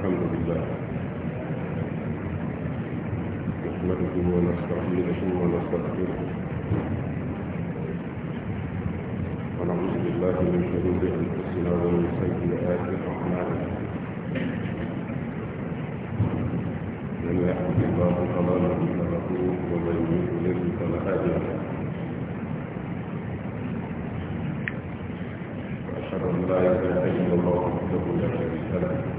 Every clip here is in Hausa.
الحمد لله نحمده ونستعينه ونستغفره ونعوذ بالله من شرور انفسنا ومن سيئات اعمالنا من يحمد الله فلا مضل له ومن يضلل فلا هادي له واشهد ان لا اله الا الله وحده لا شريك له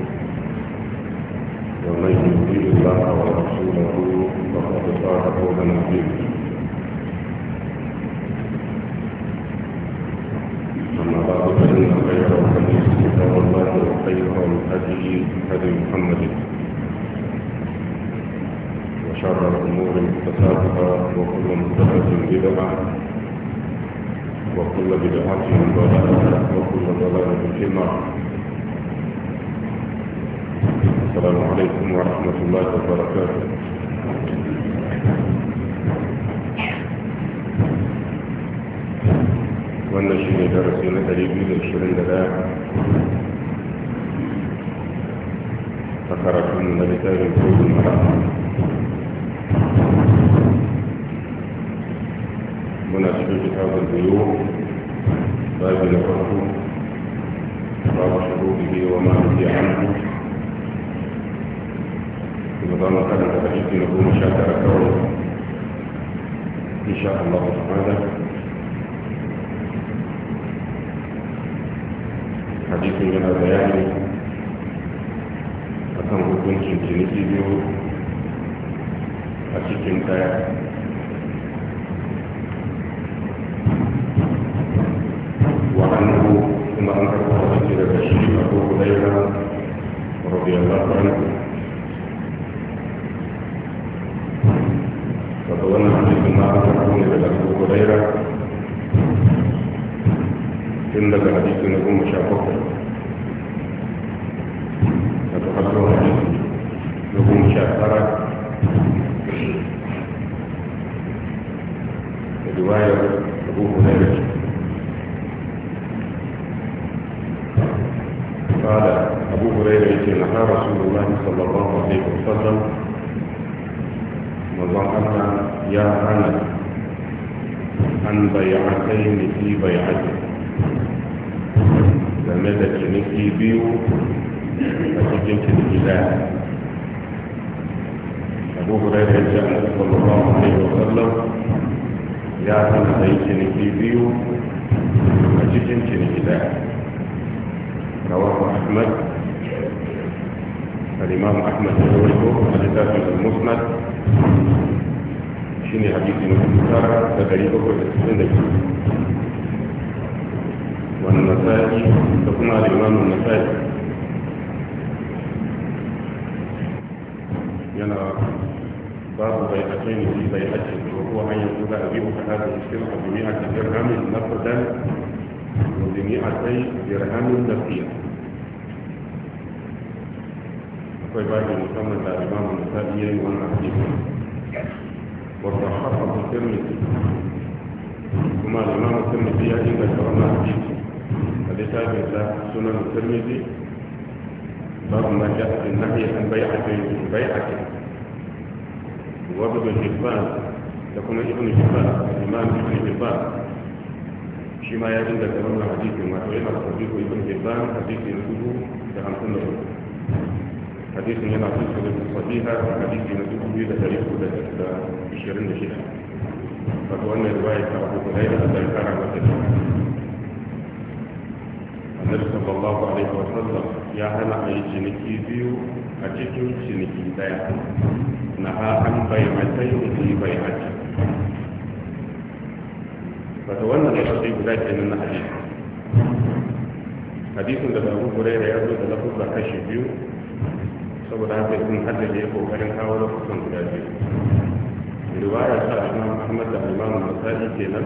ومن يطيع الله ورسوله فقد صار فوزا عظيما أما بعد فإن خير الحديث كتاب الله وخير الهدي هدي محمد وشر الأمور محدثاتها وكل محدثة بدعة وكل بدعة ضلالة وكل ضلالة في النار السلام عليكم ورحمة الله وبركاته وانا شيني درسينا darasi na 221 فخرجت من لسان الفوز المرأة من أشهر هذا البيوع باب الفرق باب شروطه وما نهي عنه za mu karanta da shi na goma sha tara kawai insha Allah ta'ala hadisin yana bayani akan hukuncin ciniki biyu a cikin daya وعنه ثم أنكر حديث البشير أبو هريرة رضي الله عنه daga wannan hadisin na aka kawo ne daga abu huraira tun daga hadisi na goma النسائي وأن حديث وصححه الترمذي ثم الإمام الترمذي عند كرم حديث الكتاب سنن الترمذي باب ما جاء في النهي عن بيعة بيعة وابن حبان تكون ابن حبان الإمام ابن حبان شما يجب أن تكون حديث ما تقول حديث ابن حبان حديث ينسبه في 50 حديث اللي هنا في سنة الصحيحة حديث هنا في كل تاريخ ده عشرين دقيقة فتولى رواية أبو هريرة لا يفعل النبي صلى الله عليه وسلم يا هنا أي جنكي بيو أجيكي جنكي دايا نها عن بيعتين في بيعتين فتولى الشرطي بذلك من الحديث حديث ده أبو هريرة يقول له كشف بيو saboda haka sun hada haddace kokarin kawo kusan guda biyu riwaya ta imam ahmad da imam masali kenan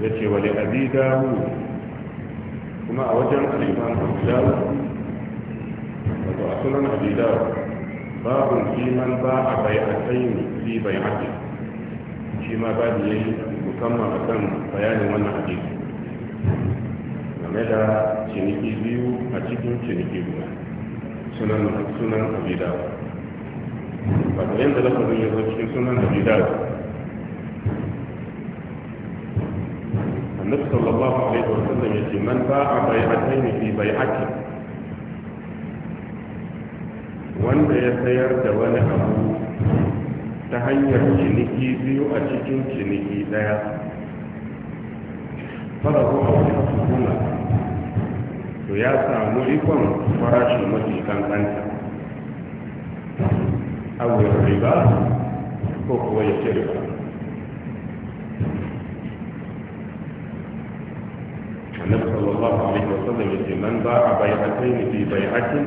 ya ce wani abi dawo kuma a wajen al'imam abu dawo wato a sunan abi dawo babun kiman ba a bai a tsayin fi bai haɗe shi ma ba da yi musamman a kan bayanin wannan hadisi game da ciniki biyu a cikin ciniki guda sunan sunan abida wato yanda lafazin ya zo cikin sunan abida annabi sallallahu alaihi wa sallam ya ce man ba'a bai'atayn fi bai'ati wanda ya sayar da wani abu ta hanyar ciniki biyu a cikin ciniki daya fara zuwa wani hukuma to ya samu rikon farashi mafi kankanta awuyar riba ko kuwa ya ce riba annab sallallahu alaihi wasallam ya ce man ba a bai'atain fi bai'atin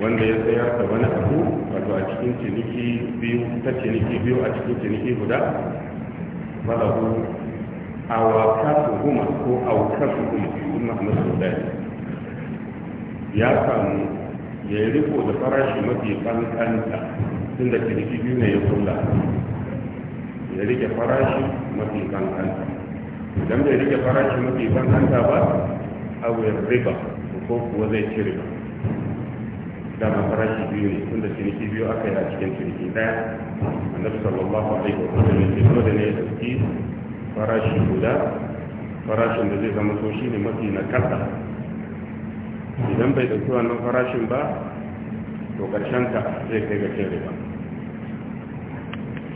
wanda ya tsayar da wani abu wato a cikin ciniki biyu ta ciniki biyu a cikin ciniki guda awa kasu huma ko awkatu huma a masu sudani ya samu ya yi riko da farashi mafi kankanta tun da kirki biyu ne ya kula ya rike farashi mafi kankanta idan bai rike farashi mafi kankanta ba abu ya riba ko kuwa zai ci riba dama farashi biyu ne tun da ciniki biyu aka yi a cikin ciniki daya annabi sallallahu alaihi wa sallam ya ce dole ne ya dauki farashi guda farashin da zai zama so shine mafi na kasa idan bai dauki wannan farashin ba to karshen ta zai kai ga kere ba.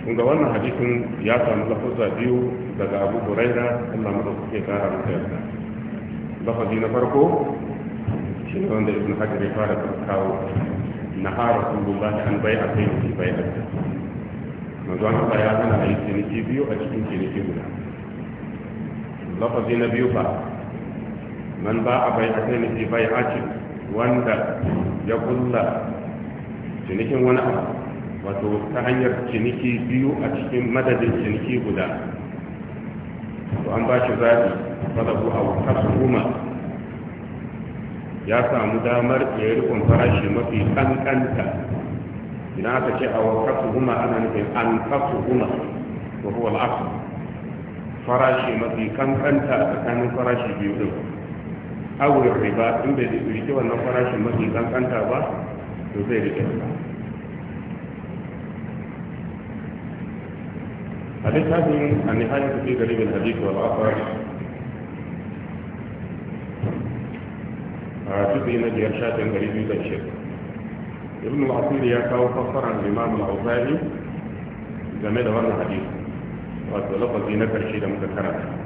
kun ga wannan hadisin ya samu lafaza biyu daga abu huraira Allah maka kuke kara maka yarda lafazi na farko shi ne wanda ibn hajar ya fara kawo na hara rasulullah an bai a kai shi bai a kai an Allah ya hana a yi ciniki biyu a cikin ciniki guda lafazi na biyu ba. man ba a bai a kai nufi bai hacin wanda ya kulla cinikin wani abu wato ta hanyar ciniki biyu a cikin madadin ciniki guda to an ba shi zaɓi a ya samu damar ya farashi mafi kankanta Ina aka ce a wutar goma ana nufin an kasu goma ko huwa al'asu farashi mafi kankanta tsakanin farashi biyu din awon riba in bai rike wannan farashin mafi kankanta ba to zai rike riba a littafin a nihayar tafi garibin hadisi wal afar a cikin na biyar shafin gari biyu da ishirin ibn al-asir ya kawo fassarar imam al-auzari game da wannan hadisi wato lafazi na karshe da muka karanta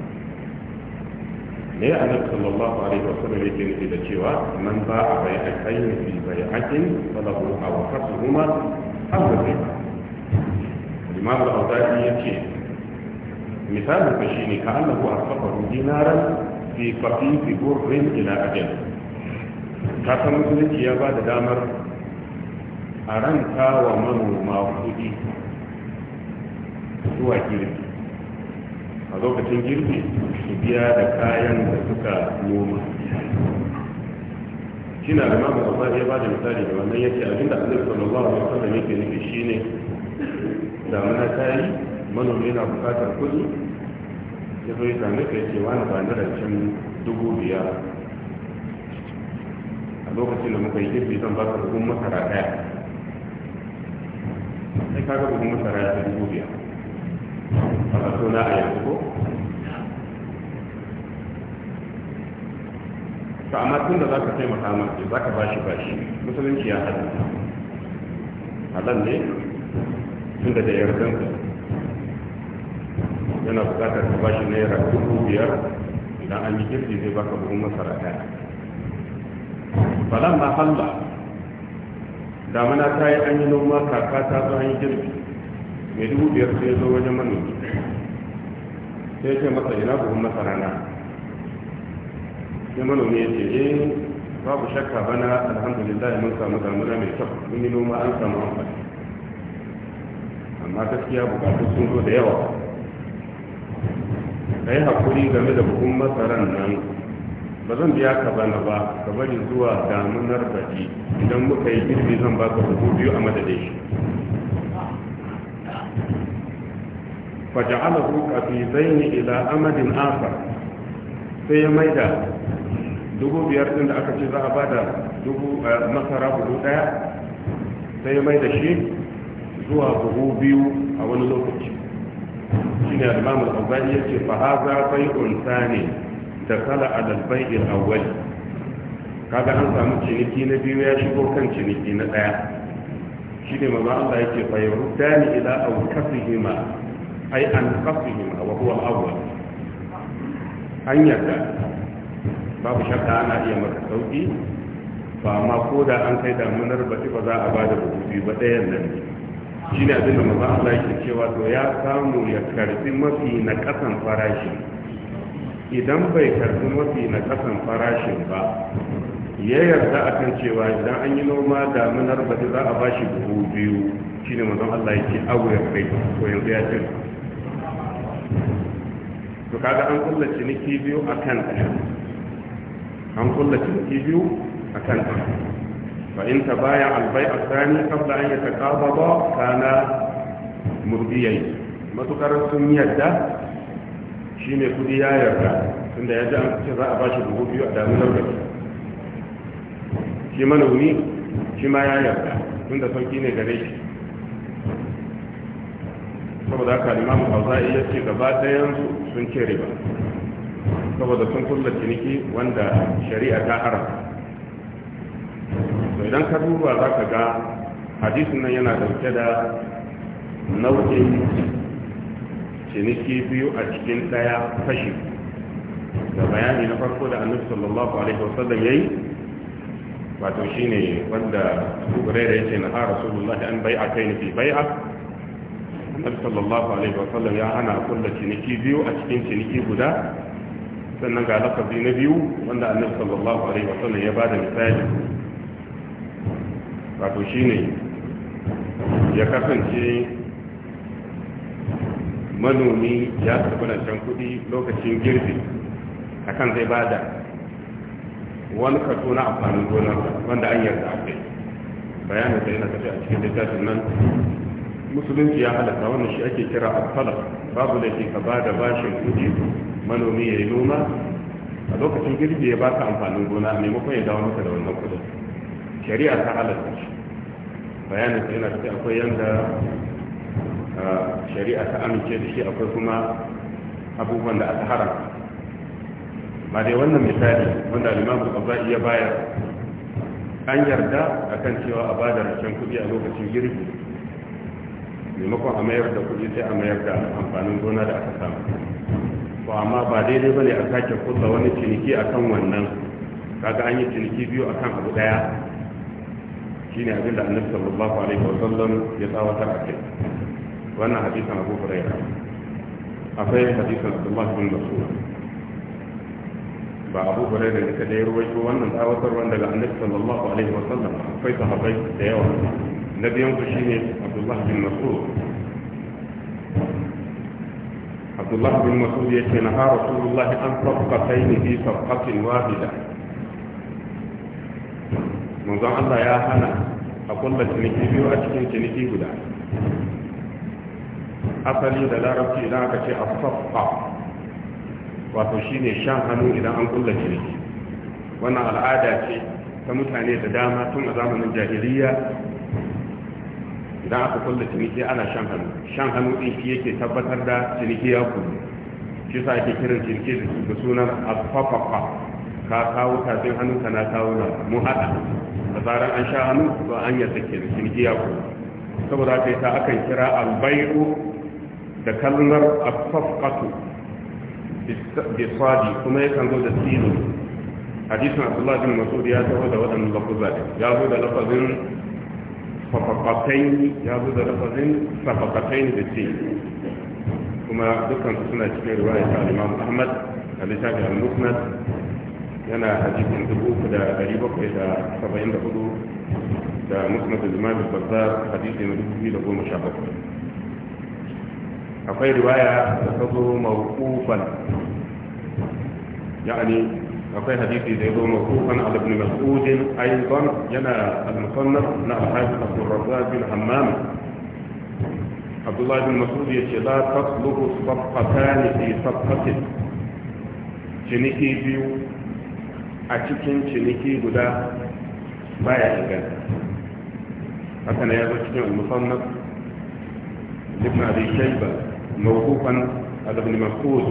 me ya annabi sallallahu alaihi wa sallam yake nufi da cewa man ba a bai a kai ne fi bai hakin falahu a wa kasu kuma har da zai imam al-awdadi yace misalin ka shine ka annabi asfaqa dinaran fi qafifi burrin ila ajal ka san musulunci ya ba da damar a ranta wa manoma kuɗi zuwa girbi a lokacin girbi biya da kayan da suka noma shi na rama mai Allah ya bada misali da wannan yake abinda Allah sallallahu alaihi da yake nufi ne damuna ta yi manomi yana bukatar kudi ya zo yi sami ka yake wani ba na rancen dubu biyar a lokacin da muka yi girbi zan ka buhun masara daya sai kaga buhun masara ya ta dubu biyar a kaso na a yanzu ko to amma tun da za ka taimaka ke za ka bashi bashi musulunci ya haɗu halal ne tun da da yardan yana buƙatar ka ba shi naira dubu biyar idan an yi girki zai baka buhun masara ɗaya balan ma halla damana ta yi an yi noma kaka ta zo an yi girki mai dubu biyar sai ya zo wajen manomi sai ya ce masa ina buhun masara na sai manomi ya ce eh babu shakka bana alhamdulillah mun samu damuna mai kyau mun yi noma an samu amfani amma gaskiya bukatu sun zo da yawa ka yi haƙuri game da buhun masaran nan ba zan biya ka bana ba ka bari zuwa damunar baji idan muka yi girbi zan ba ka buhu biyu a madadin shi fi zaini ila amadin akhar sai ya maida dubu biyar din da aka ce za a ba da dubu eh, masara buhu daya sai mai da shi zuwa buhu biyu a wani lokaci shi ne alimamun albani ya ce fa haza bai unsa ne da kala a dalbai'in awwali kaga an samu ciniki na biyu ya shigo kan ciniki na daya shi ne maza Allah ya ce fa yarudda ni ila awkasihima ai an kasihima wa huwa awwal an yarda babu shakka ana iya maka sauki ba ma ko da an kai damunar baki ba za a ba da rubutu ba ɗaya nan ne shi ne abinda maza Allah yake cewa to ya samu ya karbi mafi na kasan farashi idan bai karbi mafi na kasan farashin ba ya yarda a kan cewa idan an yi noma damunar baki za a ba shi buhu biyu shi ne mazan Allah yake aure kai ko yanzu ya ce to kaga an kullace ciniki biyu a ɗaya an kulla ciniki biyu a kanta. ta fa in ta baya albai a sani kabla an yi ta kaba ba kana murdiyai matukar sun yarda shi ne kudi ya yarda tunda ya ji an ce za a ba shi dubu biyu a damunar da shi manomi shi ma ya yarda da sauki ne gare shi saboda haka limamu hausa ya ce gaba ɗayan sun ce riba saboda sun kulla ciniki wanda shari'a ta haramta to idan ka duba za ka ga hadisin nan yana dauke da nau'in ciniki biyu a cikin daya fashi da bayani na farko da annabi sallallahu alaihi wasallam yayi wato shine wanda Hurairah yace na Rasulullahi an bai'a kai fi bai'a annabi sallallahu alaihi wasallam ya hana kullu ciniki biyu a cikin ciniki guda sannan ga lafazi na biyu wanda annabi sallallahu alaihi wa sallam ya ba da misali wato shine ya kasance manomi ya karbi rancen kuɗi lokacin girbi akan zai bada wani kaso na amfanin gonar wanda an yarda a kai bayanin da yana tafi a cikin littafin nan musulunci ya halatta wannan shi ake kira al babu da ke ka ba da bashin kuɗi manomi ya yi noma a lokacin girbi ya baka amfanin gona a maimakon ya dawo maka da wannan kudin shari'a ta halatta shi bayanin yana da akwai yanda shari'a ta amince da shi akwai kuma abubuwan da aka haram. ba dai wannan misali wanda limamu ƙaba'i ya baya. an yarda a kan cewa a ba da rancen kuɗi a lokacin girbi. maimakon a mayar da kuɗi sai a mayar da amfanin gona da aka samu Ba amma ba daidai ne a sake kulla wani ciniki a kan wannan kaga an yi ciniki biyu a kan abu daya ne abin da annabi sallallahu alaihi wa sallam ya tsawatar a kai wannan hadisan abu hurairah akwai hadisan abdullah bin mas'ud ba abu hurairah ne kada ya ruwaito wannan tsawatar wanda ga annabi sallallahu alaihi wa sallam akwai sahabbai da yawa na biyan su shine abdullah bin mas'ud abdullahi bin masud ya ce na ha rasulullahi an sabka kai ne fi sabkatin wahida manzon Allah ya hana a kulla ciniki biyu a cikin ciniki guda asali da larabci idan aka ce a sabka wato shine shan hannu idan an kulla ciniki wannan al'ada ce ta mutane da dama tun a zamanin jahiliya idan aka kulle ciniki ana shan hannu shan hannu din shi yake tabbatar da ciniki ya kullu shi sa ake kiran ciniki da sunan afafafa ka kawo tafin hannu na kawo na mu haɗa. da tsarin an sha hannu ba an yarda ke da ciniki ya kullu saboda haka yasa akan kira albayu da kalmar afafatu bisadi kuma yakan zo da sinu hadisin abdullahi bin mas'ud ya zo da waɗannan lafuzza ya zo da lafazin صفقتين جاءوا درفهم صفقتين بالسين كما ذكرنا في سنة شكرا رواية الإمام محمد اللي تابع المسند أنا حديث من دبوك إلى قريبك إلى سبعين دقودو دا مسند الإمام البزار حديث من دبوك إلى قول مشابك أقول رواية تصدر موقوفا يعني وفي حديث زيد موقوفا على ابن مسعود ايضا ينا المصنف لا نعم، حاجه عبد الرزاق في الحمام عبد الله بن مسعود يتشدى تطلب الصفقتان في صفقه شنيكي بيو اتشكن شنيكي بدا بايا كان حسنا يا المصنف لابن ابي شيبه موقوفا على ابن مسعود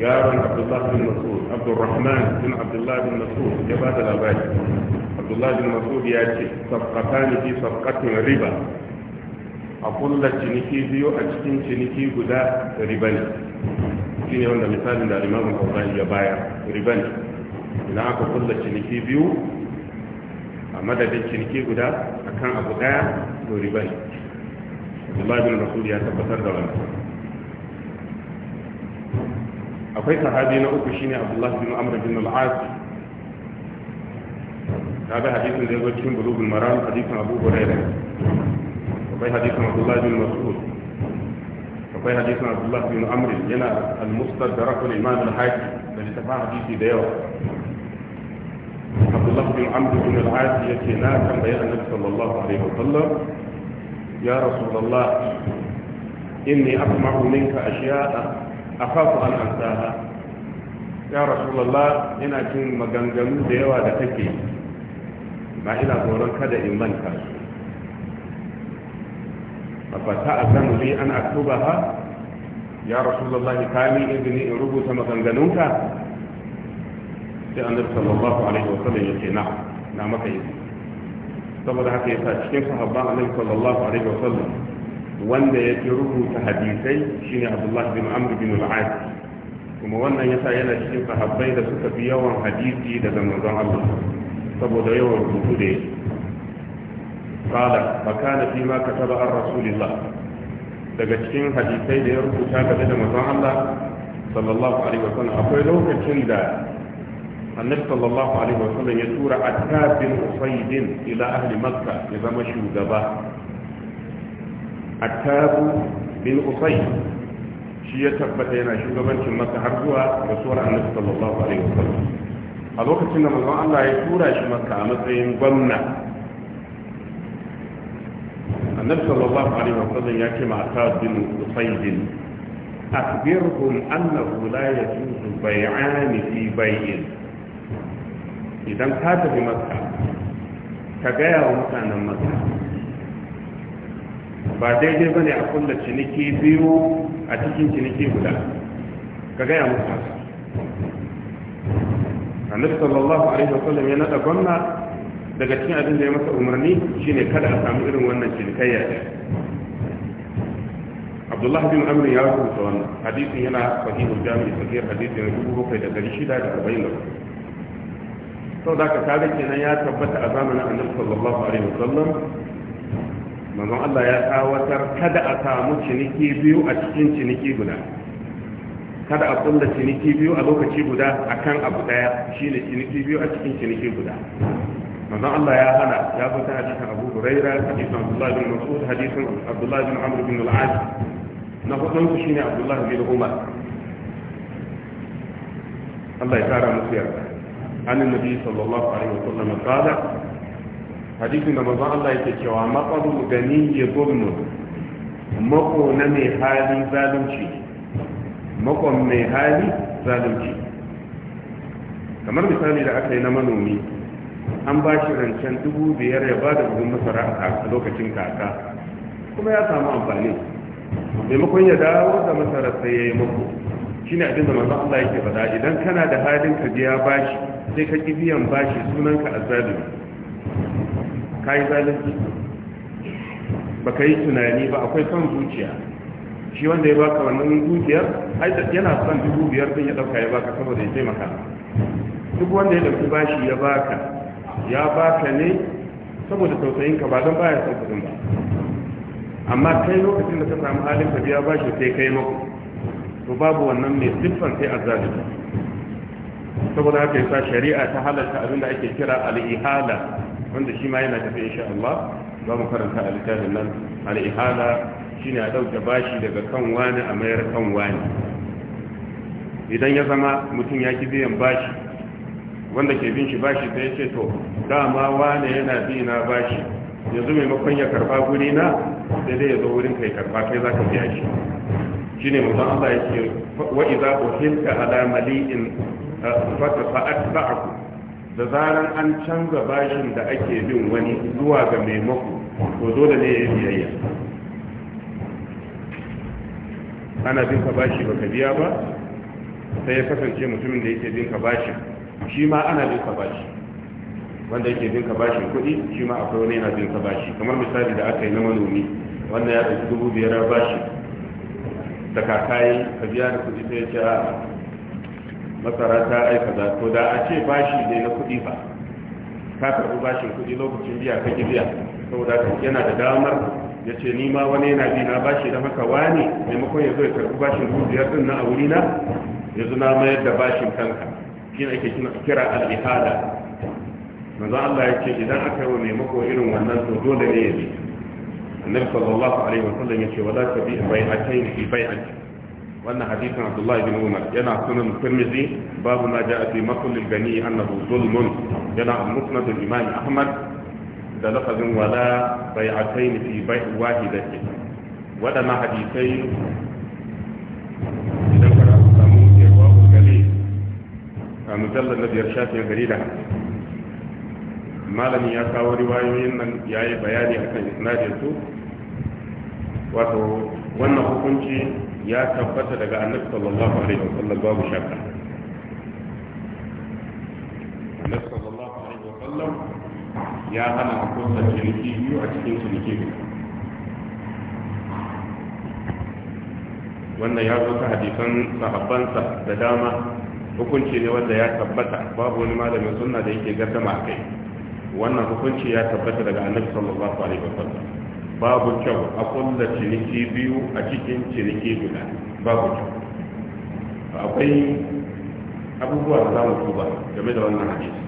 yaron abdullahi bin mas'ud abdurrahman bin abdullahi bin mas'ud ya ba da labari abdullahi bin mas'ud ya ce sabqatani fi sabqatin riba a kulla ciniki biyu a cikin ciniki guda riba ne shi ne wanda misalin da alimamin kawai ya baya riba ne idan aka kulla ciniki biyu a madadin ciniki guda akan abu daya to riba ne abdullahi bin mas'ud ya tabbatar da wannan akwai sahabi na uku shine abdullahi bin amr bin al-as kaga hadisin da yazo cikin bulugul maram hadisin abu hurairah akwai hadisin abdullahi bin mas'ud akwai hadisin abdullahi bin amr yana al-mustadrak al-imam al-hakim da littafin hadisi da yawa abdullahi bin amr bin al-as yace na tambaye annabi sallallahu alaihi wa sallam ya rasulullah inni asma'u minka ashiya'a a akhafu an ansaha ya rasulullah ina cin maganganu da yawa da kake ba ina tsoron kada in manta su fata a zanu li an aktuba ha ya rasulullah ka min izini in rubuta maganganunka sai an annabi sallallahu alaihi wasallam yake na na maka yi saboda haka yasa cikin sahabban annabi sallallahu alaihi wasallam wanda ya fi rubuta hadisai shine abdullah bin amr bin al-as kuma wannan yasa yana cikin sahabbai da suka fi yawan hadisi daga manzon Allah saboda yawan rubutu da yake qala fa kana fi ma kataba ar-rasulillah daga cikin hadisai da ya rubuta game da manzon Allah sallallahu alaihi wasallam akwai lokacin da annabi sallallahu alaihi wasallam ya tura attab bin usayd ila ahli makkah ya zama shugaba attabu bin usai shi ya tabbata yana shugabancin maka har zuwa rasuwar annabi sallallahu alaihi wasallam a lokacin da manzon Allah ya tura shi maka a matsayin gwamna annabi sallallahu alaihi wasallam ya ce ma attabu bin usai أخبرهم أنه لا يجوز Idan ka tafi إذا ka gaya wa mutanen مكة ba daidai ba ne a kulla ciniki biyu a cikin ciniki guda ka gaya musu annabi sallallahu alaihi wasallam ya nada gwamna daga cikin abin da ya masa umarni shine kada a samu irin wannan cinikayya ɗin abdullahi bin amr ya rubuta wannan hadisin yana sahihul jami'i sahih hadisin dubu bakwai da dari shida da arba'in da sau da ka kaga kenan ya tabbata a zamanin annabi sallallahu alaihi wasallam manzon Allah ya tsawatar kada a samu ciniki biyu a cikin ciniki guda kada a kulla ciniki biyu a lokaci guda akan abu daya shine ciniki biyu a cikin ciniki guda manzon Allah ya hana ya fita hadisin Abu Hurairah hadisin Abdullah bin Mas'ud hadisin Abdullah bin Amr bin al-As na hudun su shine Abdullah bin Umar Allah ya kara musu yarda an annabi sallallahu alaihi wasallam qala hadisin da mazan Allah yake cewa matsalu gani ya zulmu mako na mai hali zalunci makon mai hali zalunci kamar misali da aka yi na manomi an ba shi rancen dubu biyar ya ba da gudun masara a lokacin kaka kuma ya samu amfani maimakon ya dawo da masara sai ya yi mako shi ne abin da mazan Allah yake faɗa idan kana da halin ka biya bashi sai ka ki biyan bashi sunanka zalunci ka yi zalunci ba ka yi tunani ba akwai son zuciya shi wanda ya baka wannan dukiyar yana son dubu biyar din ya dauka ya baka saboda ya taimaka duk wanda ya dauki bashi ya baka ya baka ne saboda tausayin ka ba don baya son kudin ba amma kai lokacin da ka samu halin ka biya bashi sai kai mako to babu wannan mai siffan sai azzalimi saboda haka yasa shari'a ta halarta abin da ake kira al-ihala wanda shi ma yana tafiya insha Allah za mu karanta a littafin nan al'ihala shi ne a dauka bashi daga kan wani a mayar kan wani idan ya zama mutum ya ki biyan bashi wanda ke bin shi bashi sai ya ce to dama wani yana bi na bashi yanzu maimakon ya karba guri na sai dai ya zo wurin kai karba kai za ka biya shi shine mu mutum Allah ya wa idza uhilka ala mali'in fa ta'at da zaran an canza bashin da ake bin wani zuwa ga maimako to dole ne ya biyayya ana bin ka bashi baka biya ba sai ya kasance mutumin da yake bin ka bashin shi ma ana bin ka bashi wanda yake bin ka bashin kuɗi shi ma akwai wani yana bin ka bashi kamar misali da aka yi na manomi wanda ya ɗauki dubu biyar bashi da kakayi ka biya da kuɗi sai ya ce a masara ta aika da to da a ce bashi ne na kuɗi ba ka karɓi bashin kuɗi lokacin biya ka ki biya saboda yana da damar ya ce ni ma wani yana bi na bashi da haka wani maimakon ya zo ya karɓi bashin dubu biyar din na a wuri na yanzu na mayar da bashin kanka shi ne ake kira al'ihada manzo Allah ya ce idan aka yi maimako irin wannan to dole ne ya bi annabi sallallahu alaihi wasallam ya ce wala tabi bai'atayn fi bai'atayn wannan hadisin abdullahi bin umar yana sunan tirmidhi babu ma ja'a fi maqlil gani annahu zulmun yana musnad imam ahmad da lafazin wala bai'atayn fi bai' wahidati wadannan hadisai idan ka samu irwaul gali a mujallal na biyar shafin gari da malami ya kawo riwayoyin nan yayi bayani akan isnadin su wato wannan hukunci ya tabbata daga annabi sallallahu alaihi wasallam babu shakka annabi sallallahu alaihi wasallam ya hana kusa ciniki biyu a cikin ciniki biyu wannan ya zo ta hadisan sahabbansa da dama hukunci ne wanda ya tabbata babu wani malamin sunna da yake gardama a kai wannan hukunci ya tabbata daga annabi sallallahu alaihi wasallam babu kyau a kulla ciniki biyu a cikin ciniki guda babu kyau akwai abubuwa da za mu tuba game da wannan hadisi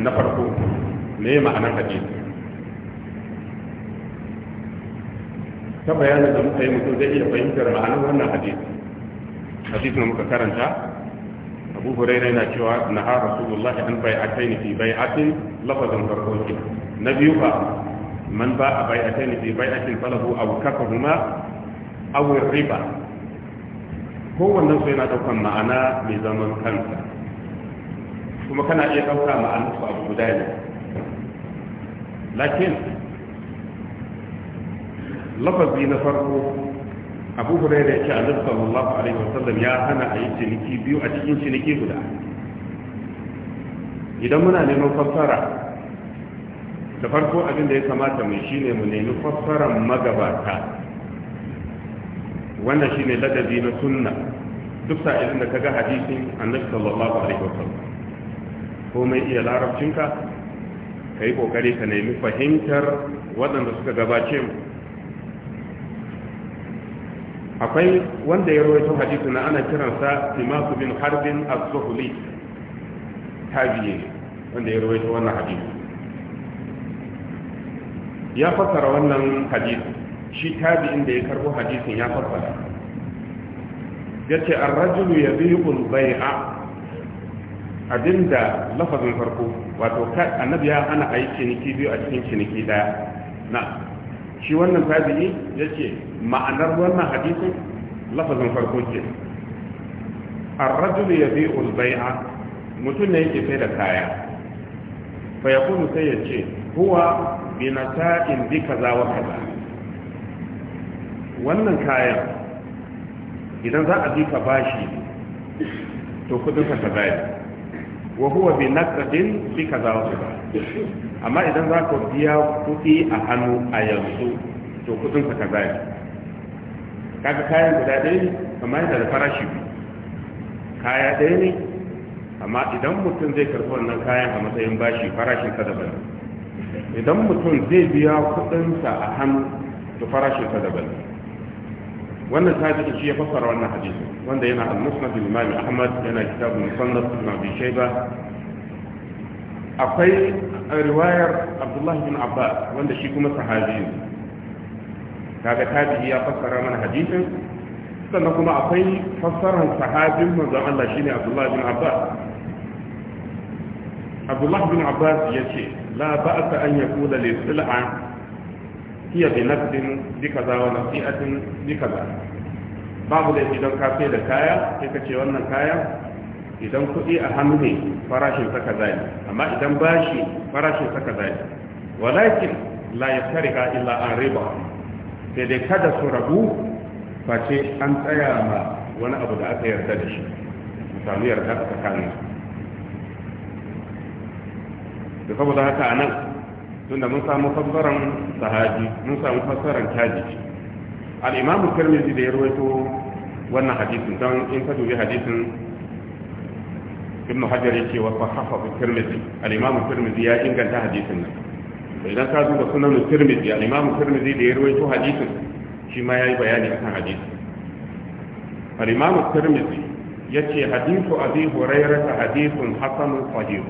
na farko me ma'anar hadisi ta bayanin da muka yi mutum zai iya fahimtar ma'anar wannan hadisi hadisi na muka karanta abu huraira yana cewa na ha rasulullah an bai ataini fi bai atin lafazin farko ke na biyu fa man ba a bai ataini fi bai atin falahu abu kafa huma abu riba kowannen su yana daukan ma'ana mai zaman kansa kuma kana iya dauka ma'anar su abu guda ne lakin lafazi na farko abu da ya ce annabi sallallahu alaihi wasallam ya hana a yi ciniki biyu a cikin ciniki guda idan muna neman fassara da farko abin da ya kamata mu shine mu nemi fassaran magabata shi shine ladabi na sunna duk sa'ilin da ga hadisin annabi sallallahu alaihi wasallam ko mai iya larabcinka ka yi kokari ka nemi fahimtar waɗanda suka gabace mu akwai wanda ya rawaito hadisi na ana kiransa Timasu bin Harbin az-Zuhli tabi'i wanda ya rawaito wannan hadisi ya fassara wannan hadisi shi tabi'in da ya karbo hadisin ya fassara yace ar-rajulu al-bay'a abinda lafazin farko wato kai annabi ya ana ayi ciniki biyu a cikin ciniki daya na shi wannan tabi'i ce ma'anar wannan hadisin lafazin farko ce ar-rajulu yabi'u al-bai'a mutum ne yake sai da kaya fa yaqulu sai ce huwa binata in bi kaza wa kaza wannan kayan idan za a bi ka bashi to kudin ka kaza wa huwa binata in bi kaza wa kaza amma idan za ka biya kuɗi a hannu a yanzu to kuɗin ka kaza ne kaga kayan guda ɗaya ne amma yana da farashi kaya ɗaya ne amma idan mutum zai karɓi wannan kayan a matsayin bashi farashin ka daban idan mutum zai biya kuɗinsa a hannu to farashin ka daban wannan tabi'in shi ya fassara wannan hadisi wanda yana al-musnad al-imam Ahmad yana kitabun musannaf ibn Abi Shayba akwai riwayar abdullahi bin abbas wanda shi kuma sahabi ne kaga tabi ya fassara mana hadisin sannan kuma akwai fassaran sahabin manzon Allah shine abdullahi bin abbas abdullahi bin abbas ya ce la ba'asa an yakula li sil'a hiya bi nafsin bi kaza wa nasi'atin bi kaza babu da idan ka sai da kaya sai ka ce wannan kaya idan kuɗi a hannu ne farashin saka zai amma idan bashi farashin saka zai walakin la yastarika illa an riba sai dai kada su rabu face an tsaya ma wani abu da aka yarda da shi misali yarda a tsakanin da saboda haka a nan tunda mun samu fassaran sahaji mun samu fassaran kaji al-imamu da ya rawaito wannan hadisin don in ka dubi hadisin ibn hajar yake wa sahaha bi tirmidhi al-imam tirmidhi ya inganta hadisin nan idan ka duba sunan tirmidhi al-imam tirmidhi da ya rawaito hadisin shi ma yayi bayani akan hadisin al-imam tirmidhi yace hadithu abi hurairah hadithun hasan sahih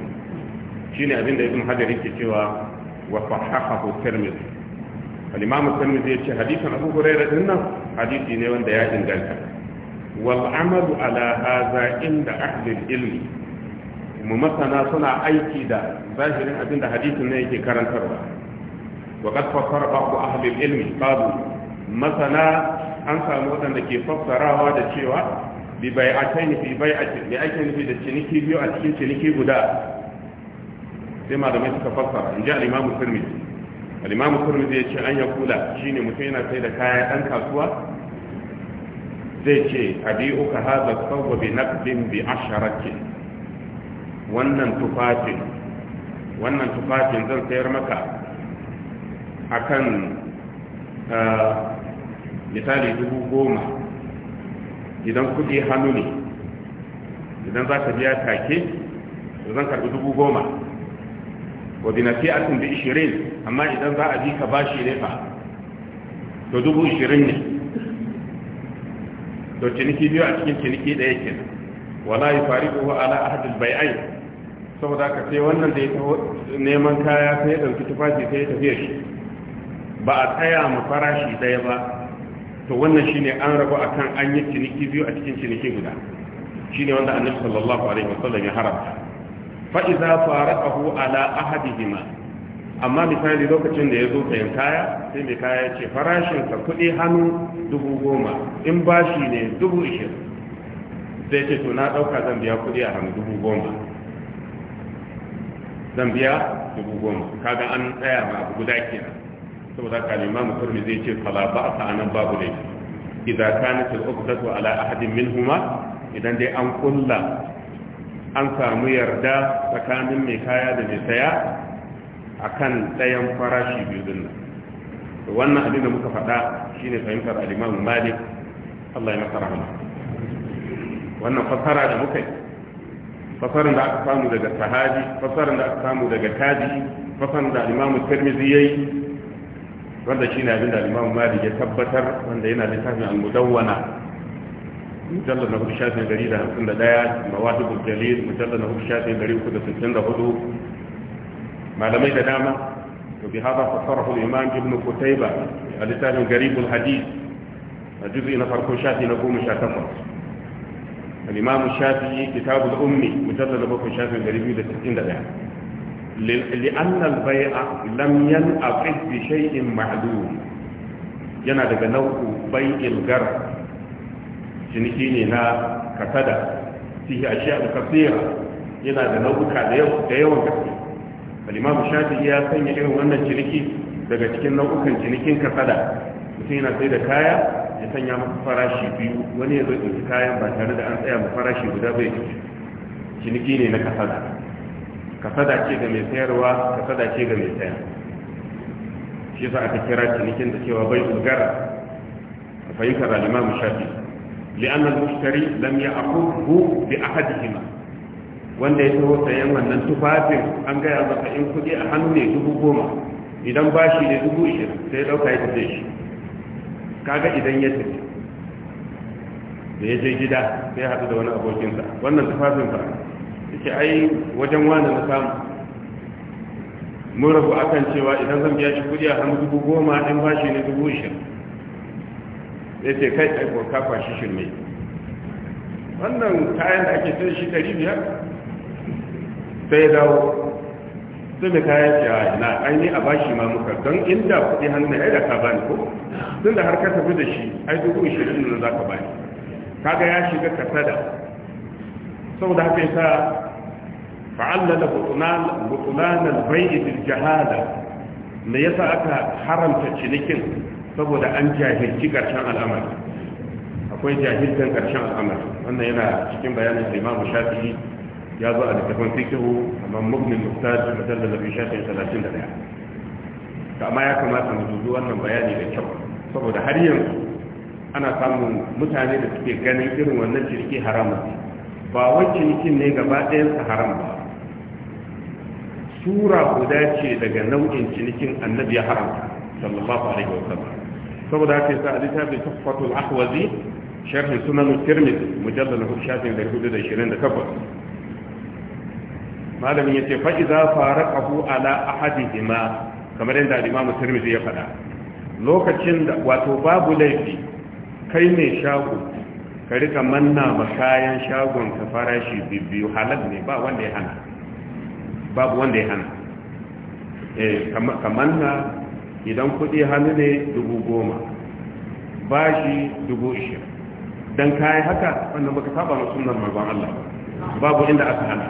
shine abinda ibn hajar yake cewa wa sahahahu tirmidhi al-imam tirmidhi yace hadithan abu hurairah din nan hadisi ne wanda ya inganta wal amalu ala hadha inda ahli al mu masana suna aiki da zahirin abin da hadisin ne yake karantarwa wa qad fassara ba'd ahli al-ilmi qalu masana an samu wadanda ke fassarawa da cewa bi bai'atayn fi bai'atin bi ake nufi da ciniki biyu a cikin ciniki guda sai malamai suka fassara in ji al-imam Tirmidhi al-imam Tirmidhi ya ce an ya kula shine mutum yana sai da kaya dan kasuwa zai ce abi uka hadha sawwa bi naqdin bi asharatin wannan tufafin wannan tufafin zan sayar maka akan ah, misali dubu goma idan kudi hannu ne idan za ka biya take zan karbi dubu goma wa bi nafi'atin bi ishirin amma idan za a bi ka bashi ne fa to dubu ishirin ne to ciniki biyu a cikin ciniki ɗaya kenan wala yi fari ko ala ahadul bai'ai saboda ka ce wannan da ya taho neman kaya sai ya ɗauki tufafi sai ya tafiya shi ba a tsaya mu farashi ɗaya ba to wannan shine an rabu akan an yi ciniki biyu a cikin ciniki guda shine wanda annabi sallallahu alaihi wasallam ya haramta fa iza faraqahu ala ahadihima amma misali lokacin da ya zo sayan kaya sai mai kaya ya ce farashin ka kuɗi hannu dubu goma in bashi ne dubu ishirin sai ce to na ɗauka zan biya kuɗi a hannu dubu goma zan biya dubu goma kaga an tsaya ma abu guda kenan saboda haka limamu turmi zai ce fala ba a anan babu ne idan kanat al-uqdatu ala ahadin minhuma idan dai an kulla an samu yarda tsakanin mai kaya da mai saya akan dayan farashi biyu din wannan abin da muka faɗa shine fahimtar al-imam malik Allah ya masa rahama wannan fassara da muka yi fasarin da aka samu daga sahabi fasarin da aka samu daga tabi fasarin da imamu tirmidhi yayi wanda shine abin da imamu malik ya tabbatar wanda yana littafin al-mudawwana mujallad na hudu shafin dari da hamsin da daya mawahibul jalil mujallad na hudu shafin dari uku da sittin da hudu malamai da dama to bi hada fasarahu al-imam ibn qutayba a littafin garibul hadith a juz'i na farko shafi na goma sha takwas al-imam shafi'i kitab al-ummi mujallad bakwai shafin 291 li'anna al-bai'a lam yan'aqid bi shay'in yana daga nau'u bai'il gar ciniki ne na yana da nau'uka da yawan gaske al Shafi ya sanya irin wannan ciniki daga cikin nau'ukan cinikin kasada mutum yana sai da kaya ya sanya maka farashi biyu wani ya zai ɗauki kayan ba tare da an tsaya ma farashi guda bai ciniki ne na kasada kasada ce ga mai sayarwa kasada ce ga mai sayar shi sa aka kira cinikin da cewa bai ulgara a fahimtar al'imamu shafi li'an al-mushtari lam ya akuhu bi ahadihima wanda ya taho sayan wannan tufafin an gaya masa in kuɗi a hannu ne dubu goma idan bashi ne dubu ishirin sai ɗauka ya tafi shi kaga idan ya tafi da ya je gida sai haɗu da wani abokinsa wannan tufafinsa yake ai wajen wani na samu mun rabu akan cewa idan zan biya shi kudi a hannu dubu goma in ba shi ne dubu ishirin ya ce kai aiko ka shi shirme wannan kayan da ake sai shi ɗari biyar sai dawo tun da kayan ce a na aini a bashi ma muka don inda kuɗi hannu ai da ka bani ko tun da har ka tafi da shi ai dubu ishirin nan za ka bani kaga ya shiga kasada saboda haka yasa fa'alla da butulan baii bil jahala me yasa aka haramta cinikin saboda an jahilci karshen al'amari akwai jahilcin karshen al'amari wannan yana cikin bayanin Imam Shafi'i ya zo a littafin fikihu kamar mugnin muktaj mujallar biyu shafin talatin da ɗaya amma ya kamata mu dubi wannan bayani da kyau saboda har yanzu ana samun mutane da suke ganin irin wannan ciniki haramu ba wai cinikin ne gaba ɗayansa haram ba sura guda ce daga nau'in cinikin annabi ya haramta sallallahu alaihi wasallam saboda haka yasa littafin tuhfatul ahwazi sharhi sunan tirmidhi mujallal 428 malamin yace fa idza faraqahu ala ahadihima kamar yadda Imam Tirmidhi ya faɗa lokacin da wato babu laifi kai ne shago ka rika manna ma kayan shagon ka fara shi bibbiyu halal ne ba wanda ya hana babu wanda ya hana eh manna. idan kudi hannu ne dubu goma Ba shi dubu ishirin don kayan haka wannan baka saba na sunan marban Allah babu inda aka hana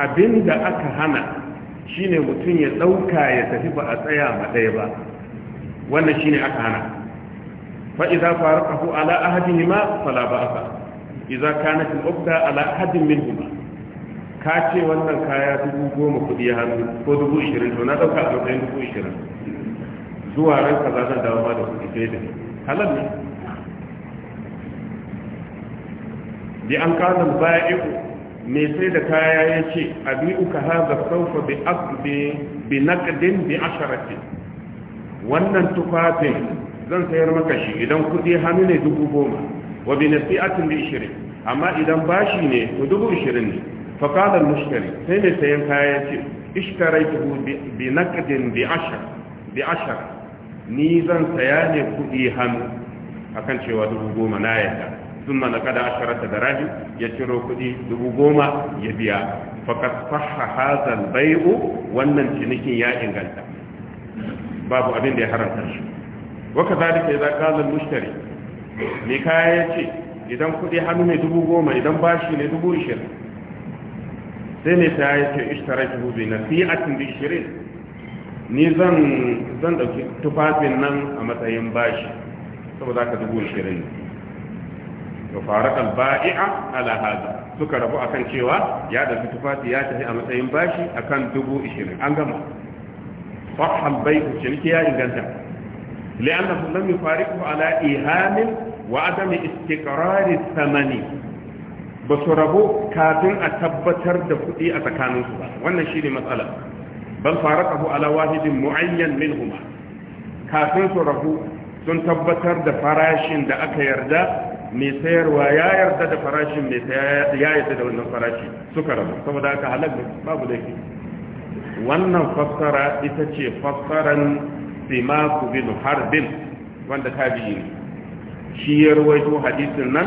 Abin da aka hana shine mutum ya ɗauka ya tafi ba a tsaya ma ɗaya ba wannan shine aka hana fa faru faraqahu ala ma fala ba'sa idza kanat al-uqda ala ahadin ma ka ce wannan kaya dubu goma kudi ya hannu ko dubu ishirin to na ɗauka a matsayin dubu ishirin zuwa ran za ta dawo ba da kudi sai da halal ne bi an baya iko mai sai da kaya ya ce abi uka haza saufa bi aqdi bi naqdin bi asharati wannan tufafin zan sayar maka shi idan kudi hannu ne dubu goma wa bi nasi'atin bi ishirin amma idan bashi ne to dubu ishirin ne fa kala mushtari sai mai sayan kaya ya ce ishtaraytuhu bi naqdin bi ashar bi ashar ni zan saya ne kudi hannu akan cewa dubu goma na yadda ثم لقد عشرة دراهم يشرو كدي دبو غوما يبيع فقد صح هذا البيع wannan cinikin ya inganta babu abin da ya haramta shi waka zalika idan qala kaya yace idan kudi hannu ne dubu goma idan bashi ne dubu ishirin sai ne ta yace ishtaratu bi nasi'atin bi ishirin ni zan tufafin nan a matsayin bashi saboda ka dubu ishirin ne fara alba'i'a ala hada suka rabu akan cewa ya da tufafi ya tafi a matsayin bashi akan dubu ishirin an gama fahal bai ciniki ya inganta li'anna sallam ya fari ku ala ihamin wa adami istikarari samani ba su rabu kafin a tabbatar da kuɗi a tsakanin ba wannan shi ne matsala Ban fara ku ala wahidin mu'ayyan min kuma kafin su rabu sun tabbatar da farashin da aka yarda mai sayarwa ya yarda da farashin mai saya ya yarda da wannan farashi suka rabu saboda haka halal babu laifi wannan fassara ita ce fassaran sima ku bin harbin wanda tabi'i ne shi ya rawaito hadisin nan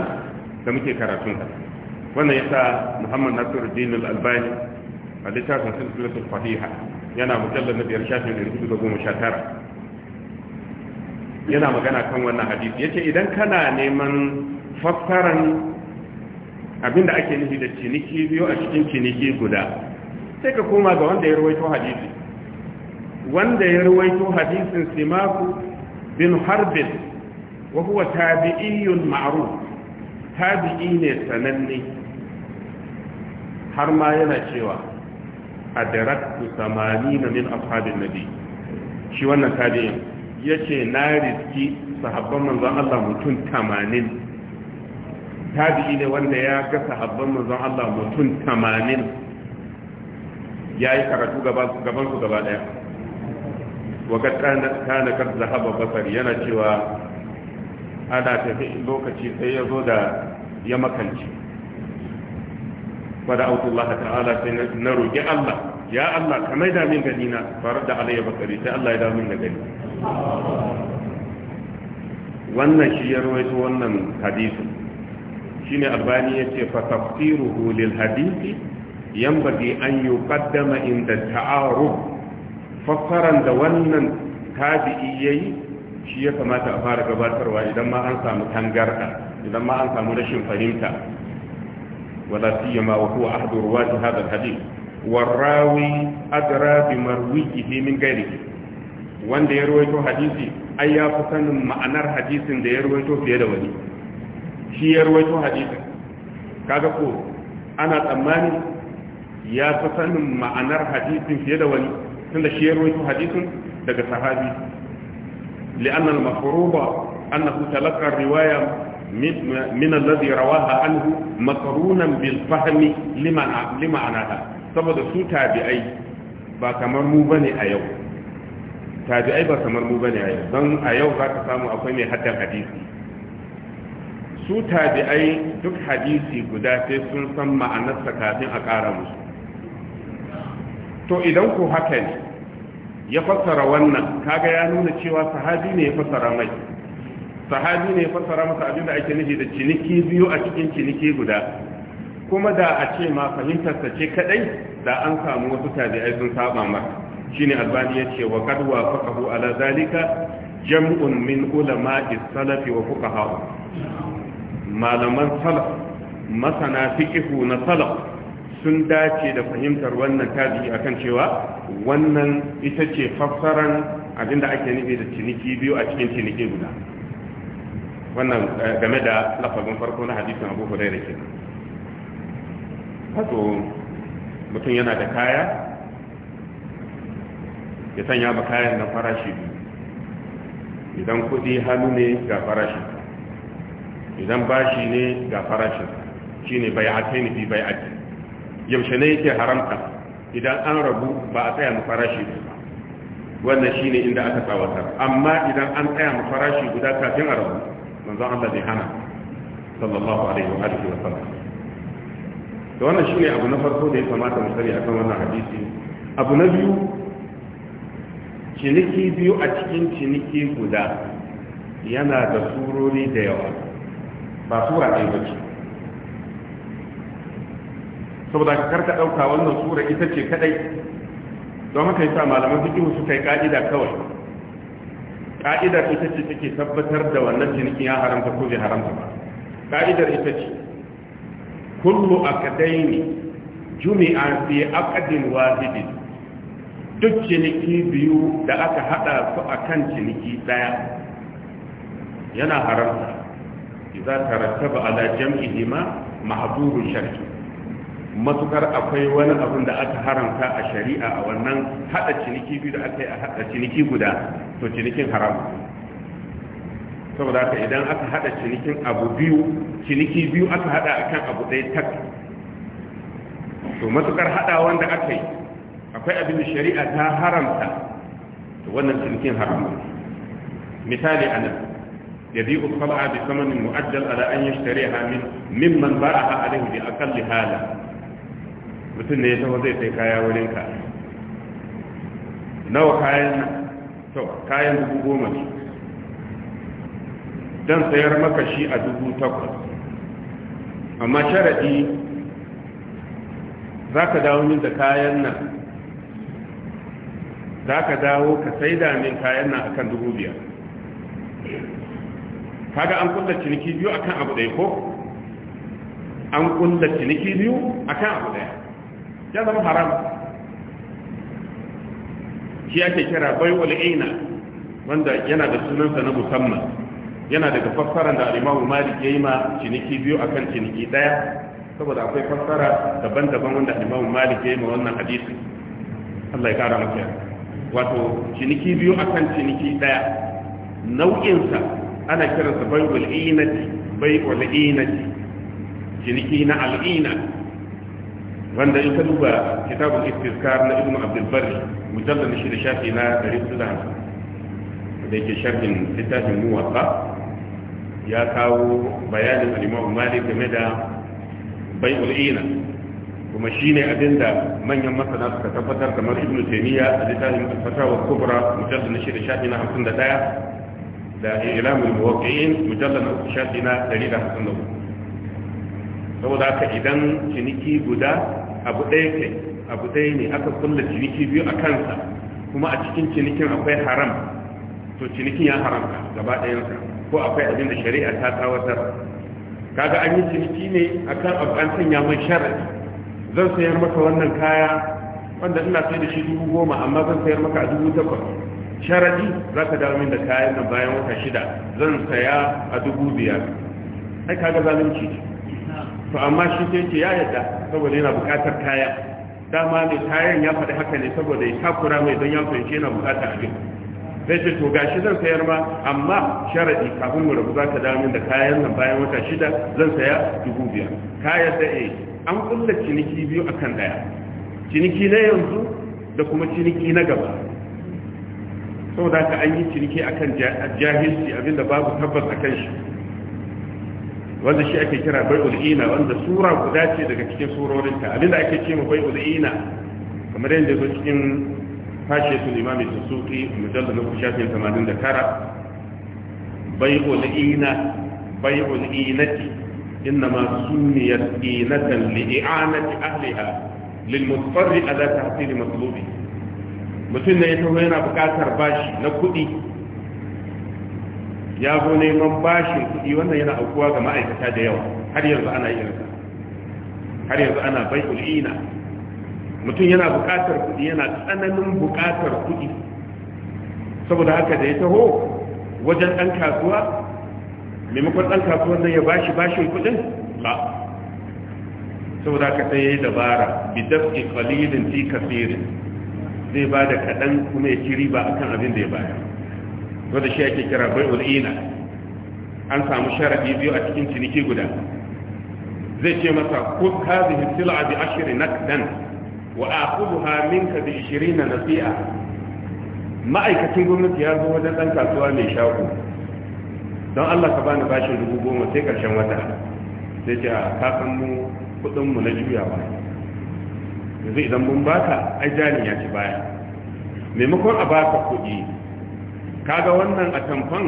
da muke karatun ka. wannan ya sa Muhammad Nasiruddin Al-Albani a littafin Silsilatul Fahiha yana mujallal na biyar shafin da 19 yana magana kan wannan hadisi yace idan kana neman fassaran da ake nufi da ciniki biyu a cikin ciniki guda sai ka koma ga wanda ya ruwaito hadisi wanda ya ruwaito hadisin simaku bin harbin wa huwa tabi'iyyun ma'ruf tabi'i ne sananne har ma yana cewa samani na min ashabin nabi shi wannan tabi'in yace na riski sahabban manzon Allah mutum tamanin. tabi'i ne wanda ya ga sahabban manzon Allah mutum tamanin. Ya yi karatu gaban su gaba daya wakar kana kar zahaba basar yana cewa ana tafi lokaci sai ya zo da ya makanci da autullah ta'ala sai na roƙi Allah ya Allah ka maida min gani na faru da alayya bakari sai Allah ya da min da gani wannan shi ya rawaito wannan hadisin shine albani yace fa tafsiruhu lil hadisi yanbaghi an yuqaddama inda ta'aru. fassaran da wannan tabi'i yayi shi ya kamata a fara gabatarwa idan ma an samu tangarda idan ma an samu rashin fahimta wala siyama wa huwa ahdu ruwati hadha alhadith Warrawi adra bi marwihi min gairi wanda ya ruwaito hadisi ai ya fi sanin ma'anar hadisin da ya ruwaito fiye da wani shi ya rawaito hadisin kaga ko ana tsammani ya fi sanin ma'anar hadisin fiye da wani tunda shi ya rawaito hadisin daga sahabi li'anna al-mafruba annahu talaqa riwaya min alladhi rawaha anhu maqrunan bil fahmi lima lima anaha saboda su tabi'ai ba kamar mu bane a yau tabi'ai ba kamar mu bane a yau don a yau za ka samu akwai mai haddan hadisi su tabi'ai duk hadisi guda sai sun san ma'anarsa kafin a ƙara musu to idan ku haka ne ya fassara wannan kaga ya nuna cewa sahabi ne ya fassara mai sahabi ne ya fassara masa abin da ake nufi da ciniki biyu a cikin ciniki guda kuma da a ce ma fahimtarsa ce kadai da an samu wasu tabi'ai sun saba masa shine albani ya ce wa qad faqahu ala zalika jam'un min ulama'i salafi wa fuqaha malaman salaf masana fiqhu na salaf sun dace da fahimtar wannan tabi akan cewa wannan ita ce fassaran abinda ake nufi da ciniki biyu a cikin ciniki guda wannan eh, game da lafazin farko na hadisin Abu Hurairah kenan wato mutum yana da kaya ya sanya ba kayan na farashi biyu idan kudi hannu ne ga farashi idan ba shi ne ga farashin bai ake ne bi ake. yaushe ne yake haramta idan an rabu ba a tsaya mu farashi ba wannan ne inda aka tsawatar amma idan an tsaya mu farashi guda kafin a rabu manzon Allah zai hana sallallahu alaihi wa alihi wa sallam to wannan ne abu na farko da ya kamata mu sani akan wannan hadisi abu na biyu ciniki biyu a cikin ciniki guda yana da surori da yawa ba sura ɗaya ba ce saboda ka karka ɗauka wannan sura ita ce kaɗai don haka yasa malaman fikihu suka yi ƙa'ida kawai ƙa'idar ita ce take tabbatar da wannan cinikin ya haramta ko bai haramta ba ƙa'idar ita ce kullu aqdaini jumi'a fi aqdin wahidin duk ciniki biyu da aka hada su akan ciniki daya yana haramta Za ta rattaba ala jam'ihima mahdhurun shar'i matukar akwai wani abu da aka haramta a shari'a a wannan hada ciniki biyu da aka yi a hada ciniki guda to cinikin haram saboda haka idan aka hada cinikin abu biyu ciniki biyu aka hada akan abu ɗaya tak to matukar hada wanda aka yi akwai abin da shari'a ta haramta to wannan cinikin haram misali anan yabi'u sam'a bi samanin mu'ajjal ala an yashtariha min mimman ba'aha alayhi bi aqalli hala mutum ne ya taho zai sai kaya wurin ka nawa kayan to kayan dubu goma ne dan sayar maka shi a dubu takwas amma sharadi za ka dawo min da kayan nan za ka dawo ka sai min kayan nan akan dubu biyar kaga an kulla ciniki biyu akan abu ɗaya ko an kulla ciniki biyu akan abu ɗaya ya zama haram shi ake kira bai wal'ina wanda yana da sunansa na musamman yana daga fassarar da alimamu malik ya yi ma ciniki biyu akan ciniki ɗaya saboda akwai fassara daban-daban wanda alimamu malik ya yi ma wannan hadisi Allah ya kara maka wato ciniki biyu akan ciniki ɗaya nau'insa أنا كرنت بيع الإينة بيع الإينة جنكينا الإينة وعند يتلوبا كتاب الاستذكار لابن عبد البر مجلد نشير شافي لا تريد لهم لديك شرح كتاب موقع يا كاو بيان الإمام مالك مدى بيع الإينة kuma shi ne abin da manyan masana suka tabbatar kamar ibn taymiya a littafin fatawa kubra mujallad da ilamul muwaqqi'in mujallal shafi na 153 saboda haka idan ciniki guda abu ɗaya ke abu ɗaya ne aka kulla ciniki biyu a kansa kuma a cikin cinikin akwai haram to cinikin ya haramta gaba sa, ko akwai abin da shari'a ta tawatar. kaga an yi ciniki ne akan abu an sanya mai sharadi zan sayar maka wannan kaya wanda ina sai da shi dubu goma amma zan sayar maka a dubu takwas sharadi za ka dawo min da kayan nan bayan wata shida zan saya a dubu biyar ai kaga zalunci to amma shi sai ce ya yadda saboda yana bukatar kaya dama ne kayan ya faɗi haka ne saboda ya takura mai don ya fahimci yana bukatar abin zai ce to gashi zan sayar ma amma sharadi kafin mu rabu za ka dawo min da kayan nan bayan wata shida zan saya dubu biyar kaya da e eh. an kulla ciniki biyu akan daya ciniki na yanzu da kuma ciniki na gaba saboda haka an yi ciniki akan jahilci abinda babu tabbas a kan shi wanda shi ake kira bai'ul ina wanda sura guda ce daga cikin surorinta abinda ake ce ma bai'ul ina kamar yadda zo cikin fashe mai imami susuki mujallar na kushafin 89 bai'ul ina bai'ul inati إنما سميت إينة لإعانة أهلها للمضطر على تحصيل مطلوبه mutum ne ya taho yana bukatar bashi na kuɗi ya zo neman bashin kuɗi wannan yana aukuwa ga ma'aikata da yawa har yanzu ana yin sa har yanzu ana bai ul'ina mutum yana bukatar kuɗi yana tsananin bukatar kuɗi saboda haka da ya taho wajen ɗan kasuwa maimakon ɗan kasuwar nan ya bashi bashin kuɗin ba saboda haka sai ya yi dabara bidafi kalilin fi kasirin zai ba da kaɗan kuma ya ci riba akan abin da ya bayar wanda shi ake kira bai ul'ina an samu sharaɗi biyu a cikin ciniki guda zai ce masa ko kazi hisila bi ashirin kaɗan? wa akubuha minka bi ashirin na nasi'a ma'aikacin gwamnati ya zo wajen ɗan kasuwa mai shago don allah ka bani bashin dubu goma sai ƙarshen wata sai ce a kasan mu kuɗin mu na juyawa yanzu idan mun baka ai jani ya ci baya maimakon a baka kuɗi kaga wannan a tamfan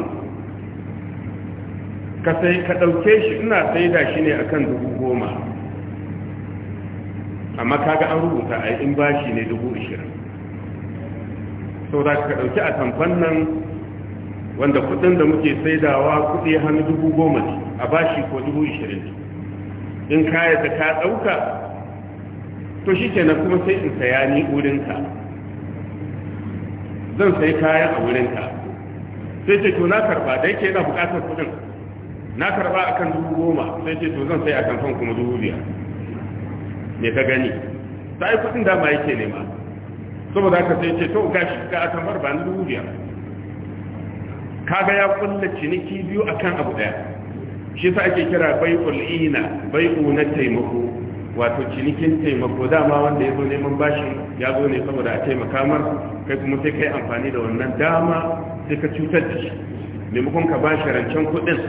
ka sai ka ɗauke shi ina saida shi ne akan dubu goma amma kaga an rubuta a in bashi ne dubu ishirin sau da ka ɗauke a tamfan nan wanda kudin da muke saidawa kudi hannu dubu goma ne a bashi ko dubu ishirin in kayata ka ɗauka to shi kenan kuma sai in saya ni wurinka zan sai kayan a wurinka sai ce to na karba da yake yana bukatar kudin na karba akan dubu goma sai ce to zan sai kan son kuma dubu biyar me ka gani ta yi kudin dama yake nema saboda haka sai ce to gashi ga a kan barba na dubu biyar ga ya kulla ciniki biyu a kan abu daya shi sa ake kira bai ina bai'u na taimako wato cinikin taimako dama wanda ya zo neman bashi ya zo ne saboda a taimaka mar kai kuma sai kai amfani da wannan dama sai ka cutar da shi maimakon ka bashi rancen kuɗin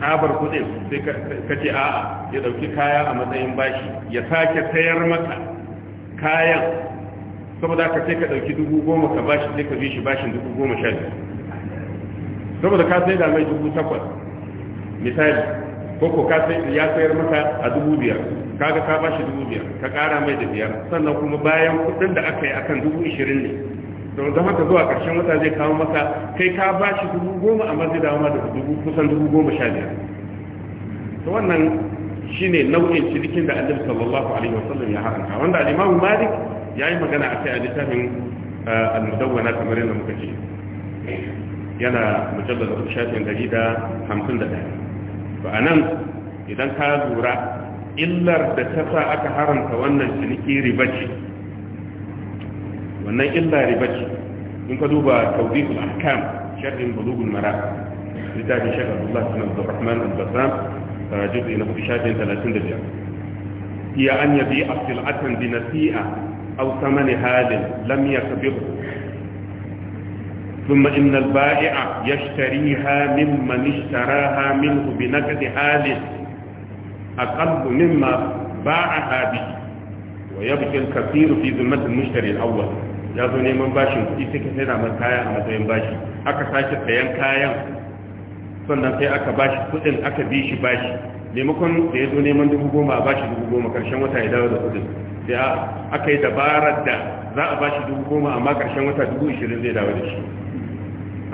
tsabar kuɗin sai ka ce a'a ya ɗauki kaya a matsayin bashi ya sake sayar maka kayan saboda ka sai ka ɗauki dubu goma ka bashi sai ka bi shi bashin dubu goma sha biyu saboda ka sai da mai dubu takwas misali ko ko ka sai ya sayar maka a dubu biyar kaga ka bashi dubu biyar ka kara mai da biyar sannan kuma bayan kuɗin da aka yi akan dubu ishirin ne don don haka zuwa ƙarshen wata zai kawo maka kai ka bashi dubu goma amma zai dawo ma da dubu kusan dubu goma sha biyar to wannan shine nau'in cinikin da annabi sallallahu alaihi wasallam ya haramta wanda al-imam malik yayi magana akai a littafin eh, al-mudawwana kamar yadda muka ce yana mujallal shafin 151 ba a nan idan ka lura illar da ta sa aka haramta wannan ciniki riba ce wannan illa riba ce in ka duba tawdihul ahkam sharhin bulugul mara littafin shek abdullah bin abdurrahman al-bassam juz'i na hudu shafin talatin da biyar hiya an yabi a sil'atan bi nasi'a aw samani halin lam yakbir ثم إن البائع يشتريها ممن اشتراها منه بنقد حال أقل مما باعها به ويبقى الكثير في ذمة المشتري الأول ya zo neman bashin kuɗi sai ka sai kaya a matsayin bashi aka sake sayan kayan sannan sai aka bai kuɗin aka bi shi bashi maimakon da ya zo neman dubu goma a bashi dubu goma karshen wata ya dawo da kudin da aka yi dabarar da za a bashi dubu goma amma karshen wata dubu ishirin zai dawo da shi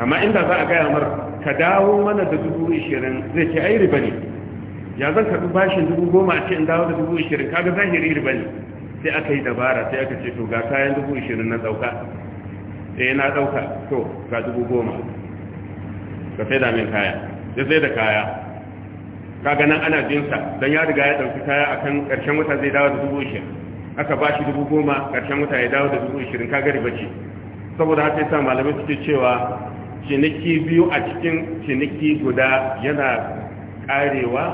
amma inda za a gaya mar ka dawo mana da dubu ishirin zai ce ai riba ne ya zan karɓi bashin dubu goma a ce in dawo da dubu ishirin kaga zahiri riba ne sai aka yi dabara sai aka ce to ga kayan dubu ishirin na ɗauka sai eh, na ɗauka to ga dubu goma ka sai da min kaya sai da kaya kaga nan ana bin sa dan ya riga ya dauki kaya akan karshen wata zai dawo da dubu ishirin aka ba shi dubu goma karshen wata ya dawo da dubu ishirin kaga riba ce saboda haka yasa malamai suke cewa ciniki biyu a cikin ciniki guda yana karewa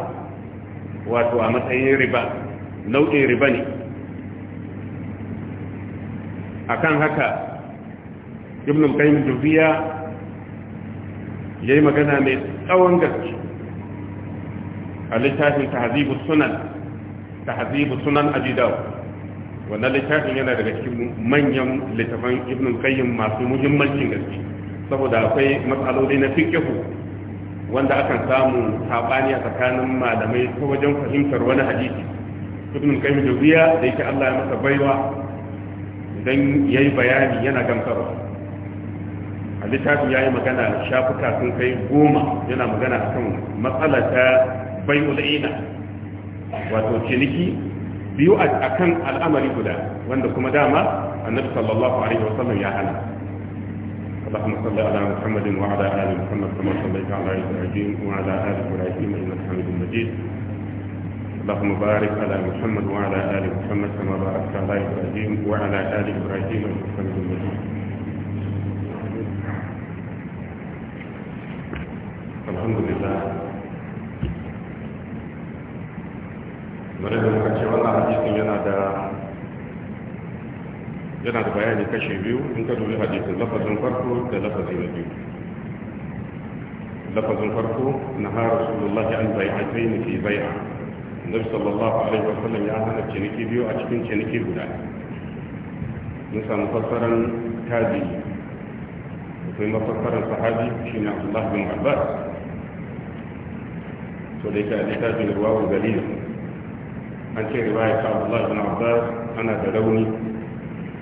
wato a matsayin riba nau'in riba ne akan haka ibnu qayyim dubiya yayi magana mai tsawon gaske a littafin tahzibu sunan tahzibu sunan abi dawud wannan littafin yana daga cikin manyan littafan ibn qayyim masu muhimmancin gaske saboda akwai matsaloli na fiqh wanda akan samu sabani a tsakanin malamai ko wajen fahimtar wani hadisi ibn qayyim jawiya da yake Allah ya masa baiwa idan yayi bayani yana gamsarwa a littafin ya yi magana shafuka sun kai goma yana magana akan matsala ta bai ina wato ciniki biyu a kan al'amari guda wanda kuma dama annabi sallallahu alaihi wasallam ya hana اللهم صل على محمد وعلى ال محمد كما صليت على ابراهيم وعلى ال ابراهيم انك حميد مجيد اللهم بارك على محمد وعلى ال محمد كما باركت على ابراهيم وعلى ال ابراهيم انك حميد مجيد الحمد لله kamar da muka ce wannan hadisin yana da yana da bayani kashe biyu in ka dubi hadisin lafazin farko da lafazin na biyu lafazin farko na ha rasulullahi an bai'atayn fi bai'a annabi sallallahu alaihi wasallam ya hana ciniki biyu a cikin ciniki guda mun samu fassaran tabi akwai mafassaran sahabi shine Abdullah bin Abbas to da yake a littafin ruwa galil an ce riwaya ta Abdullah ibn Abbas ana da rauni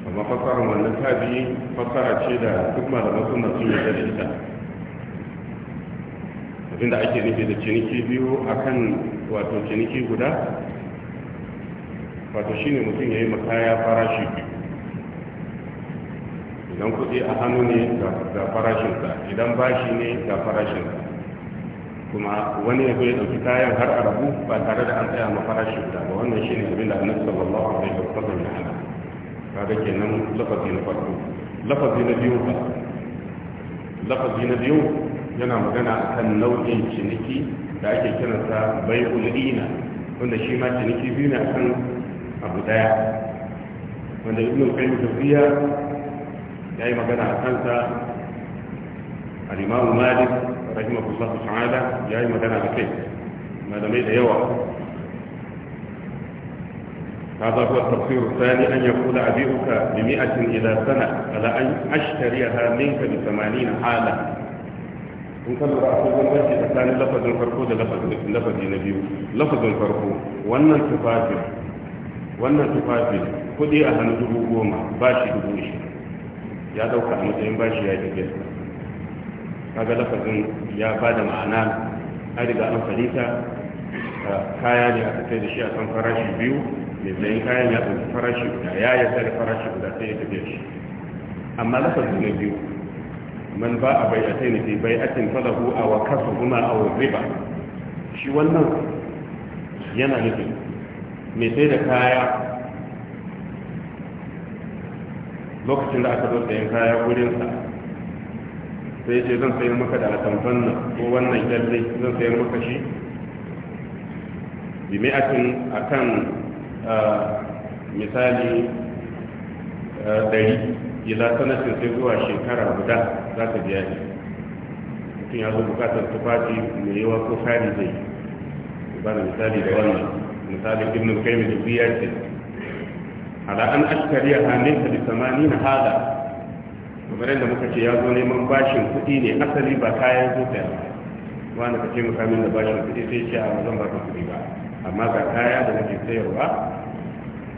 amma fasara wannan tabi fasara ce da duk malaman sunna sun yarda da ita abinda ake nufi da ciniki biyu akan wato ciniki guda wato shine mutum ya yi makaya farashi biyu idan kuɗi a hannu ne ga farashinsa idan bashi ne ga farashinsa kuma wani ya zo ya ɗauki kayan har a rabu ba tare da an tsaya mafarashi guda ba wannan shi ne abin da annabi sallallahu alaihi wasallam ya hana kaga kenan lafazi na farko lafazi na biyu ba lafazi na biyu yana magana akan nau'in ciniki da ake kiransa bai'ul ina wanda shi ma ciniki biyu ne akan abu daya wanda ibn qayyim tafiya yayi magana akan sa al-imam malik rahimahullah ta'ala ya yi magana da kai malamai da yawa Ta Sani هذا هو التفسير الثاني أن يقول أبيعك بمئة إلى سنة على أن أشتريها منك بثمانين حالة in ka lura akwai bambanci Sani lafazin farko da lafazi na biyu lafazin farko wannan tufafin wannan tufafin kuɗi a hannu dubu goma ba shi dubu ishirin. ya ɗauka a matsayin ba shi ya ke gesa. kaga lafazin ya ba da ma'ana an riga an fahimta kaya ne aka sai da shi a kan farashi biyu mai sayan kayan ya ɗauki farashi guda ya ya yarda da farashi guda sai ya tafiya shi amma lafazin na biyu man ba a bai a bayyatai ne fi bayyatin falahu a wa kasu kuma a wa riba shi wannan yana nufin mai sai da kaya lokacin da aka zo sayan kaya wurinsa sai ce zan sayar maka da atamfan nan ko wannan kyalle zan sayar maka shi bi a akan misali dari ila sanatin sai zuwa shekara guda za ka biya shi mutum ya zo bukatar tufafi mai yawa ko kari zai ba da misali da wannan misali ibn kaimi da biya ce ala an ashkariya hannun ka da na hada kamar yadda muka ce ya zo neman bashin kuɗi ne asali ba kayan zuciya wanda ka ce mukamin da bashin kuɗi sai ce a zan baka kuɗi ba amma ga kaya da muke sayarwa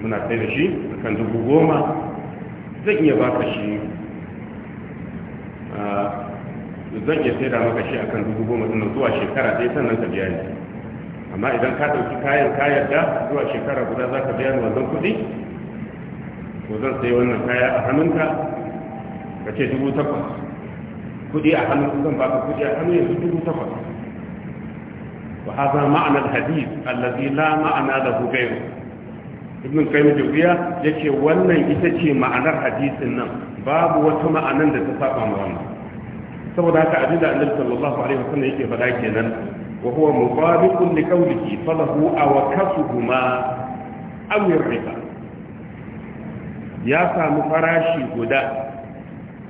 muna sai da shi kan dubu goma zan iya baka shi zan iya sai da maka shi kan dubu goma din zuwa shekara ɗaya sannan ka biya ni amma idan ka ɗauki kayan ka yarda zuwa shekara guda za ka biya ni wannan kuɗi ko zan sai wannan kaya a hannunka ka ce dubu takwas kudi a hannu zan ba ka kudi a hannu yanzu dubu takwas wa haza ma'anar hadis. allazi la ma'ana da hukairu ibn kayyim ya ce wannan ita ce ma'anar hadisin nan babu wata ma'anar da ta saba ma wannan saboda haka abinda annabi sallallahu alaihi wasallam yake faɗa kenan wa huwa muqabiqun li qawlihi falahu aw kasuhuma aw riba ya samu farashi guda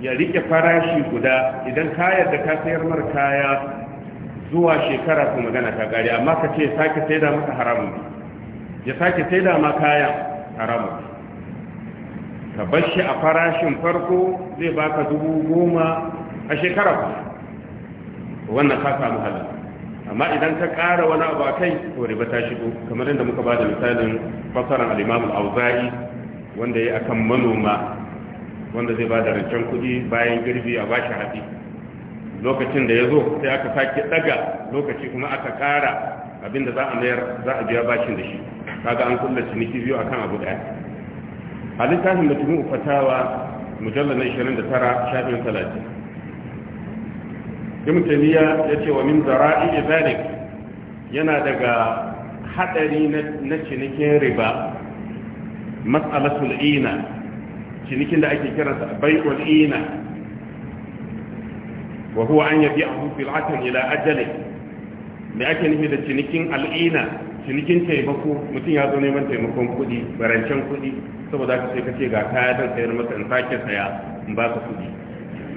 ya rike farashi guda idan kayar da ka sayar mar kaya zuwa shekara ku magana ta gari amma ka ce sake sai da maka haramun ya sake sai da ma kaya haramun ka bar shi a farashin farko zai baka dubu goma a shekara ku wannan ka samu halin amma idan ka ƙara wani abu a kai to riba ta shigo kamar yadda muka ba da misalin fasaran al-imam al-auza'i wanda ya akan manoma wanda zai ba da rancen kuɗi bayan girbi a bashi haɗi lokacin da ya zo sai aka sake ɗaga lokaci kuma aka ƙara abinda za a mayar za a biya bashin da shi kaga an kulla ciniki biyu akan abu daya. a littafin da mu fatawa mujallar na 29 shafin 30 ibn taniya ya ce wa min zara'i zalik yana daga hadari na cinikin riba mas'alatul ina cinikin da ake kiransa bai'ul ina wa huwa an yabi abu fil'atan ila ajali me ake nufi da cinikin al'ina cinikin taimako mutum ya zo neman taimakon kuɗi barancen kuɗi saboda ka sai ka ce ga kaya don sayar masa in sake saya in ba ka kuɗi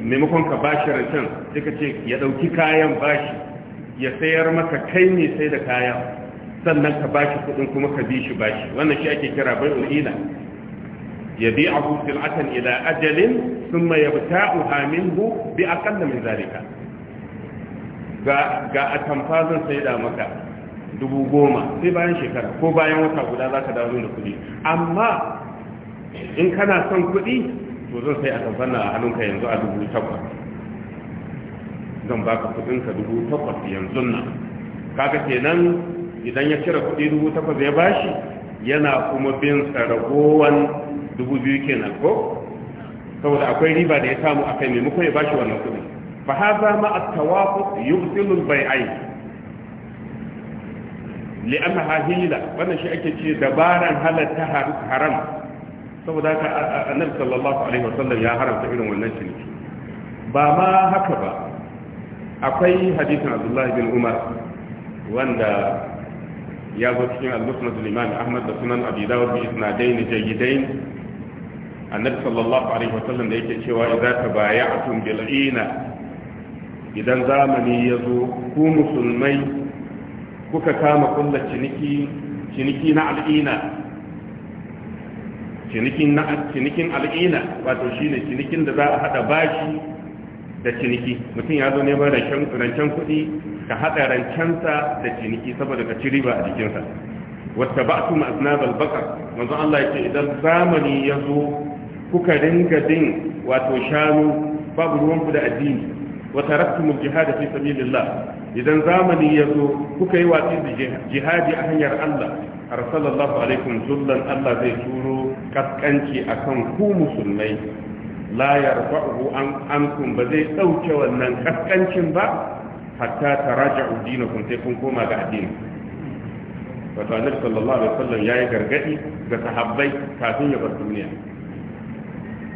maimakon ka bashi rancen sai ka ce ya ɗauki kayan bashi ya sayar maka kai ne sai da kayan sannan ka bashi kuɗin kuma ka bi shi bashi wannan shi ake kira bai'ul ina yabi'ahu sil'atan ila ajalin thumma yabta'uha bu bi aqall min zalika ga ga atamfa zan sai da maka dubu goma sai bayan shekara ko bayan wata guda za ka dawo da kuɗi amma in kana son kuɗi to zan sai atamfa na a hannunka yanzu a dubu takwas zan baka kuɗinka dubu takwas yanzu nan kaga kenan idan ya cire kuɗi dubu takwas ya bashi yana kuma bin sa dubu biyu kenan ko saboda akwai riba da ya samu a kai maimakon ya bashi wannan kuɗi fa haza ma at tawafu yubtilu al-bai'ain li'annaha hila wannan shi ake ce dabaran halatta haram saboda ka annabi sallallahu alaihi wasallam ya haramta irin wannan ciniki ba ma haka ba akwai hadisin abdullahi bin umar wanda ya zo cikin al-musnad al-imam ahmad da sunan abi dawud bi isnadain jayyidain annabi sallallahu alaihi wasallam da yake cewa idza tabaya'tum bil ina idan zamani ya zo ku musulmai kuka kama kulla ciniki ciniki na al'ina cinikin na cinikin al'ina wato shine cinikin da za a hada bashi da ciniki mutum ya zo neman rancen kuɗi ka haɗa rancensa da ciniki saboda ka ci riba a jikinsa wata ba su ma'azinazar baka manzon Allah ya ce idan zamani ya zo kuka ringa din wato shanu babu ruwanku da addini wa taraktumul jihad fi sabilillah idan zamani ya zo kuka yi watsi da jihadi a hanyar Allah arsalallahu alaikum zullan Allah zai turo kaskanci akan ku musulmai la yarfa'u an ankum ba zai dauke wannan kaskancin ba hatta taraja'u dinakum sai kun koma ga addini wato annabi sallallahu alaihi wasallam yayi gargadi ga sahabbai kafin ya bar duniya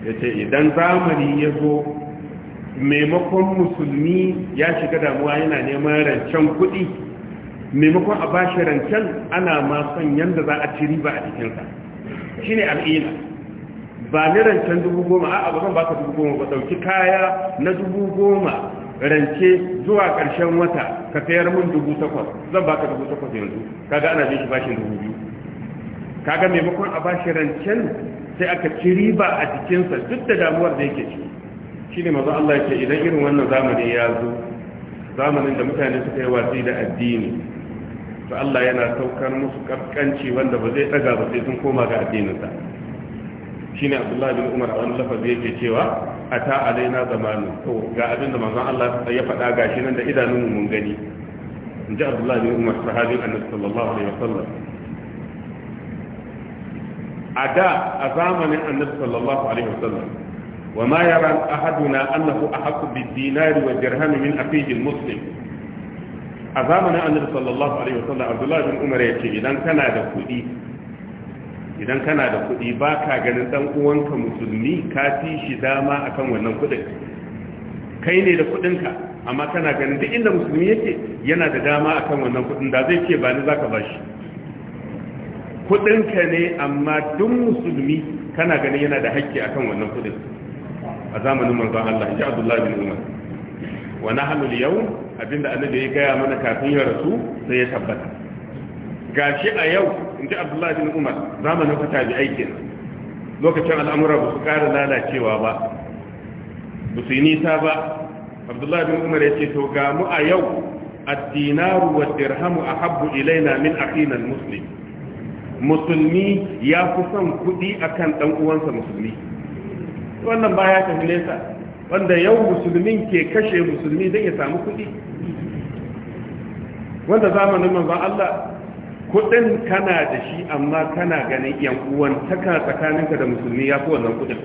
yace idan zamani ya zo maimakon musulmi ya shiga damuwa yana neman rancen kuɗi maimakon a bashi rancen ana ma son yanda za a ciri ba a jikinsa shine al'ina ba ni rancen dubu goma a'a ba zan baka dubu goma ba ɗauki kaya na dubu goma rance zuwa ƙarshen wata ka sayar min dubu takwas zan baka dubu takwas yanzu kaga ana jin shi bashin dubu biyu kaga maimakon a bashi rancen sai aka ci riba a jikinsa duk da damuwar da yake ci shi ne maza Allah ce idan irin wannan zamani ya zo zamanin da mutane suka yi watsi da addini to Allah yana saukar musu kaskanci wanda ba zai daga ba sai sun koma ga addininsa shi ne abdullahi bin umar a wani lafazi yake cewa a ta alaina zamanu to ga abin da mazan Allah ya faɗa gashi nan da idanunmu mun gani in ji abdullahi bin umar sahabin annabi sallallahu alaihi wasallam a da a zamanin annabi sallallahu alaihi wasallam wa ma yara ahaduna annahu ahqqu bid-dinari wa dirhami min aqihi al-muslim a zamanin annabi sallallahu alaihi wasallam Abdullah bin Umar yace idan kana da kuɗi idan kana da kuɗi baka ganin dan uwanka musulmi ka fi dama akan wannan kuɗin kai ne da kuɗinka amma kana ganin duk inda musulmi yake yana da dama akan wannan kuɗin da zai ce ba zaka bashi kudinka ne amma duk musulmi kana ganin yana da hakki akan wannan kudin a zamanin manzon Allah inji Abdullah bin Umar wa nahnu al-yawm abinda annabi ya gaya mana kafin ya rasu sai ya tabbata gashi a yau inji Abdullah bin Umar zamanin fata bi aikin lokacin al'amura ba su kara lalacewa ba ba su yi nisa ba abdullah bin umar ya ce to ga mu a yau addinaru wa dirhamu ahabbu ilaina min aqinan muslim musulmi ya fi son kuɗi akan ɗan uwansa musulmi wannan baya tafi nesa wanda yau musulmin ke kashe musulmi don ya samu kuɗi wanda zamanin ba Allah kuɗin kana da shi amma kana ganin yan uwantaka tsakaninka da musulmi ya fi wannan kuɗin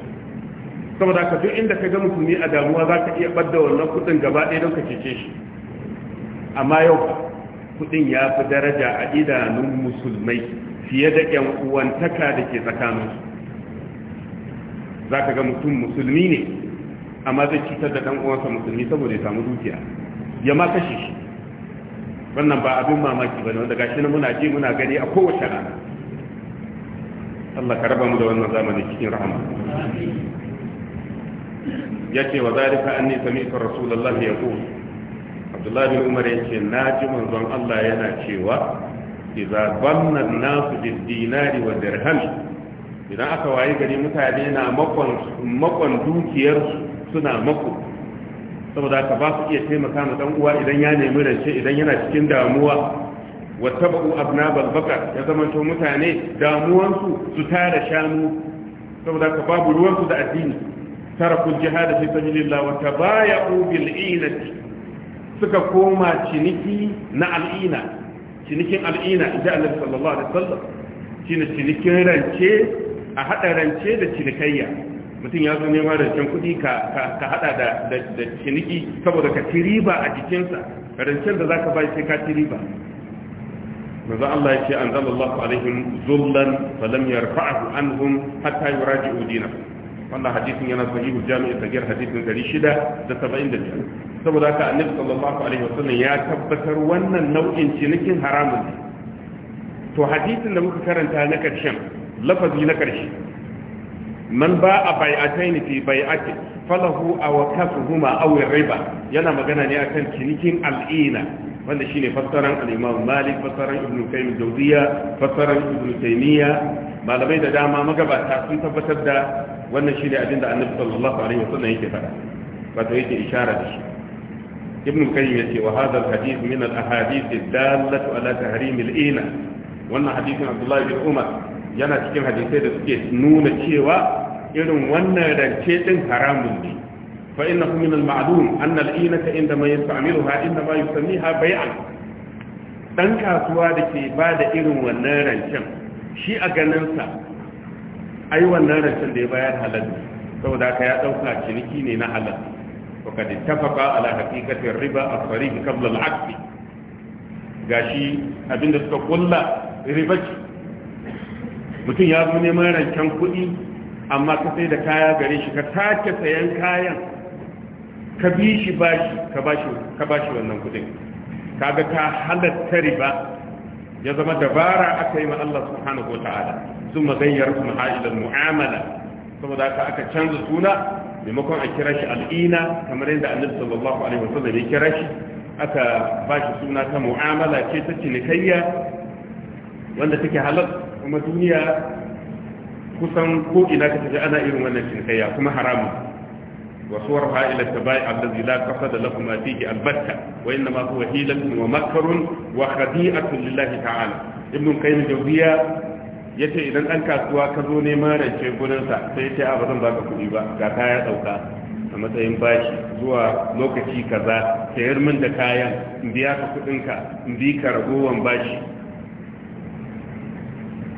saboda ka duk inda ka ga musulmi a damuwa za ka iya ɓadda wannan kuɗin gaba ɗaya don ka cece shi amma yau kuɗin ya fi daraja a idanun musulmai fiye da yan uwantaka da ke tsakaninsu za ka ga mutum musulmi ne amma zai cutar da ɗan uwansa musulmi saboda ya samu dukiya ya ma kashe shi wannan ba abin mamaki ba ne wanda gashi na muna je muna gani a kowace rana Allah ka raba mu da wannan zamanin cikin rahama ya ce wa zarika an nisa mika rasulullah ya ku abdullahi umar ya ce na ji manzon Allah yana cewa iza banna an-nasu bid-dinari wa dirham idan aka waye gari mutane na makon makon dukiyar suna mako saboda ka ba su iya taimaka ma dan uwa idan ya nemi rance idan yana cikin damuwa wa tabu abna balbaka ya zama to mutane damuwansu su tara shanu saboda ka babu ruwansu da addini tarakul jihad fi sabilillah wa tabaya'u bil inati suka koma ciniki na al'ina cinikin al'ina inda annabi sallallahu alaihi wasallam shine cinikin rance a hada rance da cinikayya mutum ya zo neman rancen kuɗi ka ka hada da da ciniki saboda ka ci riba a jikinsa rancen da zaka bai sai ka ci riba manzo Allah ya ce anzalallahu alaihim zullan falam yarfa'hu anhum hatta yuraji'u dinahum wannan hadisin yana sahihul jami'i sagir hadisin 675 saboda haka annabi sallallahu alaihi wasallam ya tabbatar wannan nau'in cinikin haramun ne to hadisin da muka karanta na karshen lafazi na karshe man ba a bai'atain fi bai'ati falahu aw kasuhuma aw riba yana magana ne akan cinikin al'ina wanda shine fassaran al-Imam Malik fassaran Ibn Qayyim Jawziya fassaran Ibn Taymiya malamai da dama magabata sun tabbatar da wannan shine abinda Annabi sallallahu alaihi wasallam yake faɗa wato yake isharar da shi ibn al-qayyim yace wa hadha al-hadith min al-ahadith ad-dallatu ala tahrim al-ina wannan hadithin Abdullahi bin Umar yana cikin hadisai da suke nuna cewa irin wannan rance din haramun ne fa innahu min al-ma'lum anna al-inata indama yasta'miluha indama yusammiha bay'an dan kasuwa da ke ba da irin wannan rancen shi a ganinsa ai wannan rancen da ya bayar halal saboda ka ya dauka ciniki ne na halal وقد اتفق على حقيقة الربا الصريح قبل العقد gashi abinda suka kulla ribaci mutum ya zo neman rancen kuɗi amma ka sai da kaya gare shi ka sake sayan kayan ka bi shi bashi ka bashi wannan kuɗin kaga ka halatta riba ya zama dabara aka yi ma Allah subhanahu wa ta'ala sun magayyar su ma'a'ilar mu'amala saboda aka canza suna maimakon a kira shi al'ina kamar yadda annabi sallallahu alaihi wasallam ya kira shi aka ba shi suna ta mu'amala ce ta cinikayya wanda take halal kuma duniya kusan ko ina ka tafi ana irin wannan cinikayya kuma haramu wa suwarha ta bai allazi la qasada lakum fihi albatta wa inma huwa hilatun wa makrun wa khadi'atun lillahi ta'ala ibn qayyim jawziya ya ce idan ɗan kasuwa ka zo nema rance gudunsa sai ya ce a ba baka kuɗi ba ga kaya ɗauka a matsayin bashi zuwa lokaci kaza sayar min da kayan in biya ka kuɗinka in bi ka ragowan bashi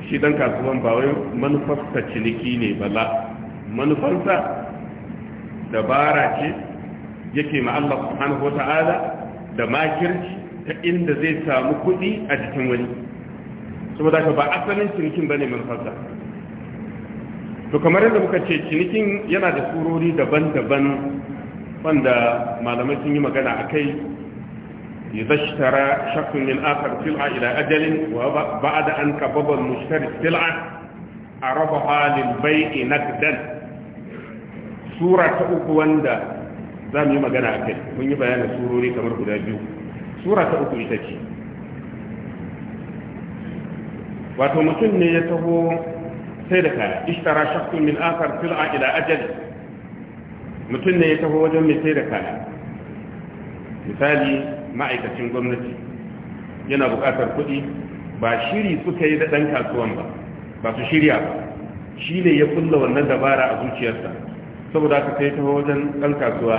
shi ɗan kasuwan ba wai manufarsa ciniki ne Bala. la manufarsa dabara ce yake ma Allah subhanahu wa da makirci ta inda zai samu kuɗi a jikin wani su da ba asalin cinikin ba ne manufarsa to kamar yadda muka ce cinikin yana da surori daban-daban wanda malamai sun yi magana a kai yi zashtara shakun yin asar fil'a ila ajalin wa ba a da an kababar mushtari fil'a a raba halin bai'i na kudan sura uku wanda za mu yi magana a kai mun yi bayanin surori kamar guda biyu sura ta uku ita ce wato mutum ne ya taho sai da kaya ishtara shakku min akar sil'a ila ajali mutum ne ya taho wajen mai sai da kaya misali ma'aikacin gwamnati yana buƙatar kuɗi ba shiri suka yi da ɗan kasuwan ba ba su shirya ba shi ne ya kulla wannan dabara a zuciyarsa saboda aka kai taho wajen ɗan kasuwa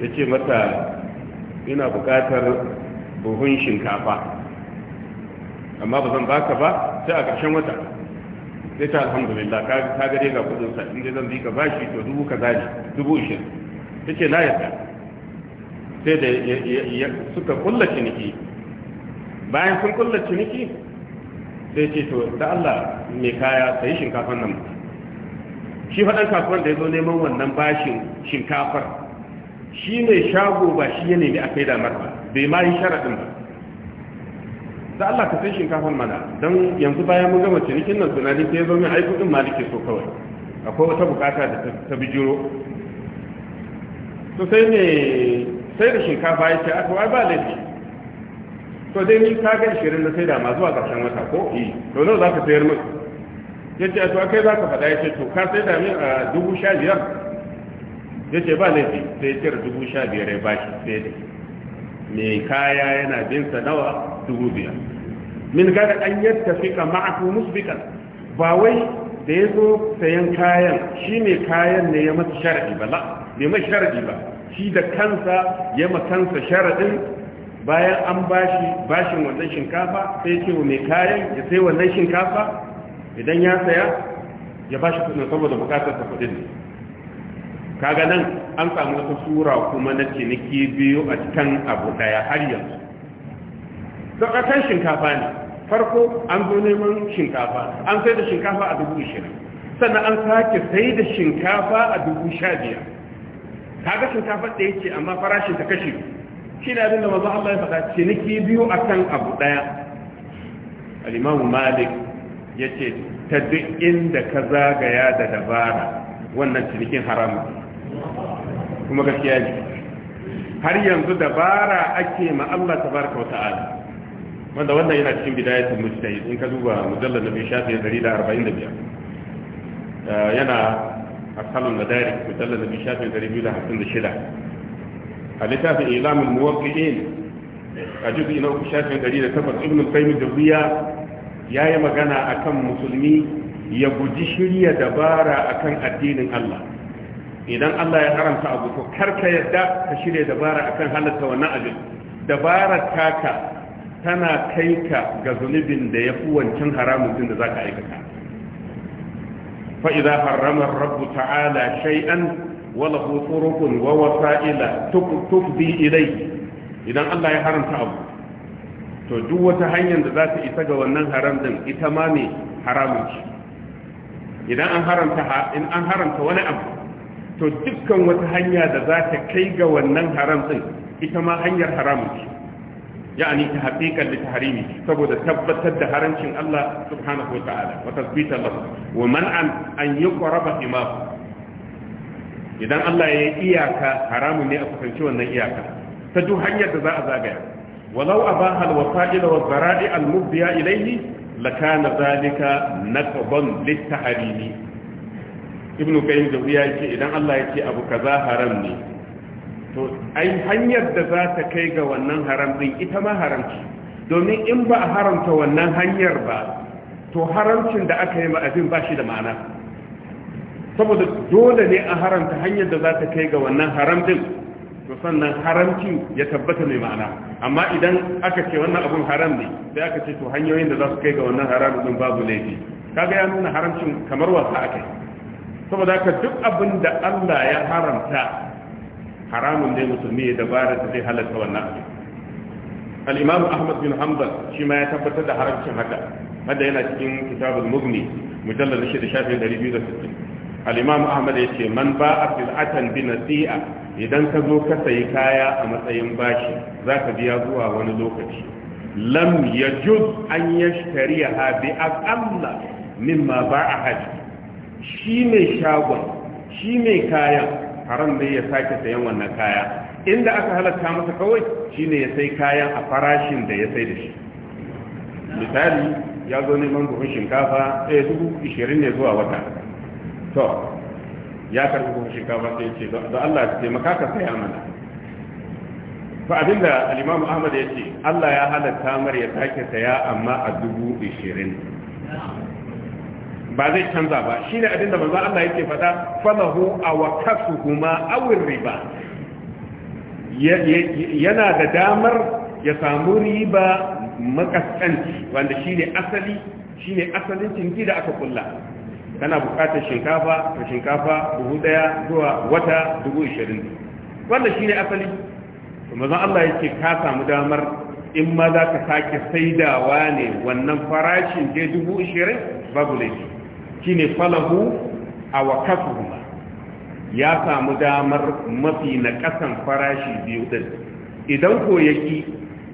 ya ce mata ina buƙatar buhun shinkafa amma ba zan baka ba sai a ƙarshen wata sai ta alhamdulillah ka ga dai ga kudin sa inda zan bi ka bashi to dubu ka zaji dubu ishirin yace na yarda sai da suka kulla ciniki bayan sun kulla ciniki sai ce to da Allah mai kaya sai shinkafan nan shi faɗan kasuwar da ya zo neman wannan bashin shinkafar shi ne shago ba shi ya nemi a kai damar ba bai ma yi sharaɗin ba da Allah ka san shinkafar mana don yanzu bayan mun gama cinikin nan tunani sai zo min aiki din malike so kawai akwai wata bukata da ta bijiro to sai ne sai da shinkafa ya ce to ai ba laifi to dai ni ka ga shirin na sai da ma zuwa karshen wata ko eh to nawa ka sayar min yace to kai zaka faɗa yace to ka sai da min a dubu 15 yace ba laifi sai ya sha biyar ya bashi sai dai mai kaya yana bin nawa dubu biyar min gada an yadda fika ma'afu musbikan ba wai da ya zo sayan kayan shi ne kayan ne ya masa sharadi ba la ne mai sharadi ba shi da kansa ya ma kansa sharadin bayan an bashi bashin wannan shinkafa sai ce wa mai kayan ya sai wannan shinkafa idan ya saya ya bashi kudin saboda bukatar ta kudin kaga nan an samu wata sura kuma na ciniki biyu a cikin abu daya har yanzu don a kan shinkafa ne farko an zo neman shinkafa an sai da shinkafa a dubu shirin sannan an sake sai da shinkafa a dubu sha biyar Ta ga shinkafa ɗaya ce amma farashin ta kashe shi ne abin da mazu Allah ya faɗa ciniki biyu a kan abu ɗaya al'imamu malik ya ce ta duk inda ka zagaya da dabara wannan cinikin haramun kuma gaskiya ne har yanzu dabara ake ma Allah tabaraka wata'ala wanda wannan yana cikin bidayatul mujtahid in ka duba mujallal nabi shafi 145 eh, yana asalun madarik mujallal nabi shafi 256 a littafin ilamul muwaqqi'in a juz'i na uku shafi 108 ibn al-qayyim ya yi magana akan musulmi ya guji shirya dabara akan addinin Allah idan Allah ya haramta abu to karka yadda ka shirya dabara akan halatta wannan abin dabarar taka tana kai ka ga zunubin da ya fi wancan haramun din da za ka aikata Fa'iza haramar harrama rabbu ta'ala shay'an wa lahu wa wasa'ila tufdi ilayhi idan Allah ya haramta abu to duk wata hanyar da za ta isa ga wannan haram din ita ma ne haramun ce idan an haramta wani abu to dukkan wata hanya da za ta kai ga wannan haram din ita ma hanyar haramun ce ya'ani ta haqiqan li Harimi. saboda tabbatar da haramcin Allah subhanahu wa ta'ala wa tasbita lahu wa man'an an yuqraba imam idan Allah ya yi iyaka haramun ne a kusanci wannan iyaka ta duk hanyar da za a zagaya walau abaha alwasa'il wa zara'i almubdiya ilayhi lakana zalika naqban lit-tahrimi ibn kayyim da ya ce idan Allah ya ce abu kaza haram ne to ai hanyar da za ta kai ga wannan haram din ita ma haramci domin in ba a haramta wannan hanyar ba to haramcin da aka yi ma abin ba shi da ma'ana saboda dole ne a haramta hanyar da za ta kai ga wannan haram din to sannan haramcin ya tabbata mai ma'ana amma idan aka ce wannan abun haram ne sai aka ce to hanyoyin da za su kai ga wannan haram din babu laifi kaga ya nuna haramcin kamar wasa akai saboda haka duk abin da Allah ya haramta haramun ne musulmi ya dabara da zai halatta wannan abin al-imam Ahmad bin Hanbal shi ma ya tabbatar da haramcin haka wanda yana cikin kitabul mughni mujallal 6 shafin 260 al-imam Ahmad ya ce man ba'a fil atan bi nasi'a idan ka zo ka sayi kaya a matsayin bashi zaka biya zuwa wani lokaci lam yajuz an yashtariha bi aqalla mimma ba'aha shi mai shagon shi mai kayan haram ne ya sake sayan wannan kaya inda aka halatta masa kawai shine ya sai kayan a farashin da ya sai da shi misali ya zo neman buhun shinkafa ɗaya eh, dubu ishirin ne zuwa wata to ya karɓi buhun shinkafa sai ce da Allah ya taimaka ka saya mana fa abinda da alimamu Ahmad ya ce Allah ya halatta mar ya sake saya amma a dubu ishirin ba zai canza ba shine abin da manzo Allah yake fada falahu aw kasuhuma aw riba yana da damar ya samu riba makaskanci wanda shine asali shine asalin cinki da aka kulla kana bukatar shinkafa ta shinkafa buhu daya zuwa wata dubu ishirin wanda ne asali mazan Allah yake ka samu damar in ma za ka sake saidawa ne wannan farashin je dubu ishirin babu laifi shine falahu a wakafu ya samu damar mafi na ƙasan farashi biyu din idan ko yaki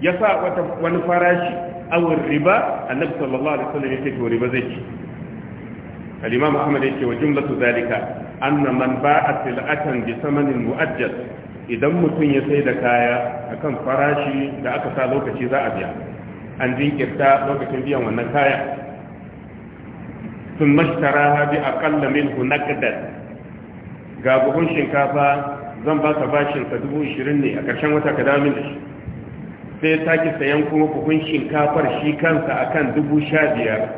ya sa wani farashi awon riba annabi sallallahu alaihi wasallam yake to riba zai ci al-imam ahmad yake wa jumlatu zalika anna man ba'a sil'atan bi samanin mu'ajjal idan mutum ya sai da kaya akan farashi da aka sa lokaci za a biya an jinkirta lokacin biyan wannan kaya sun mashtara a ƙalla minhu ga buhun shinkafa zan ba ka bashin ka dubu ashirin ne a ƙarshen wata ka damu da shi sai ya sake sayan kuma buhun shinkafar shi kansa a kan dubu sha biyar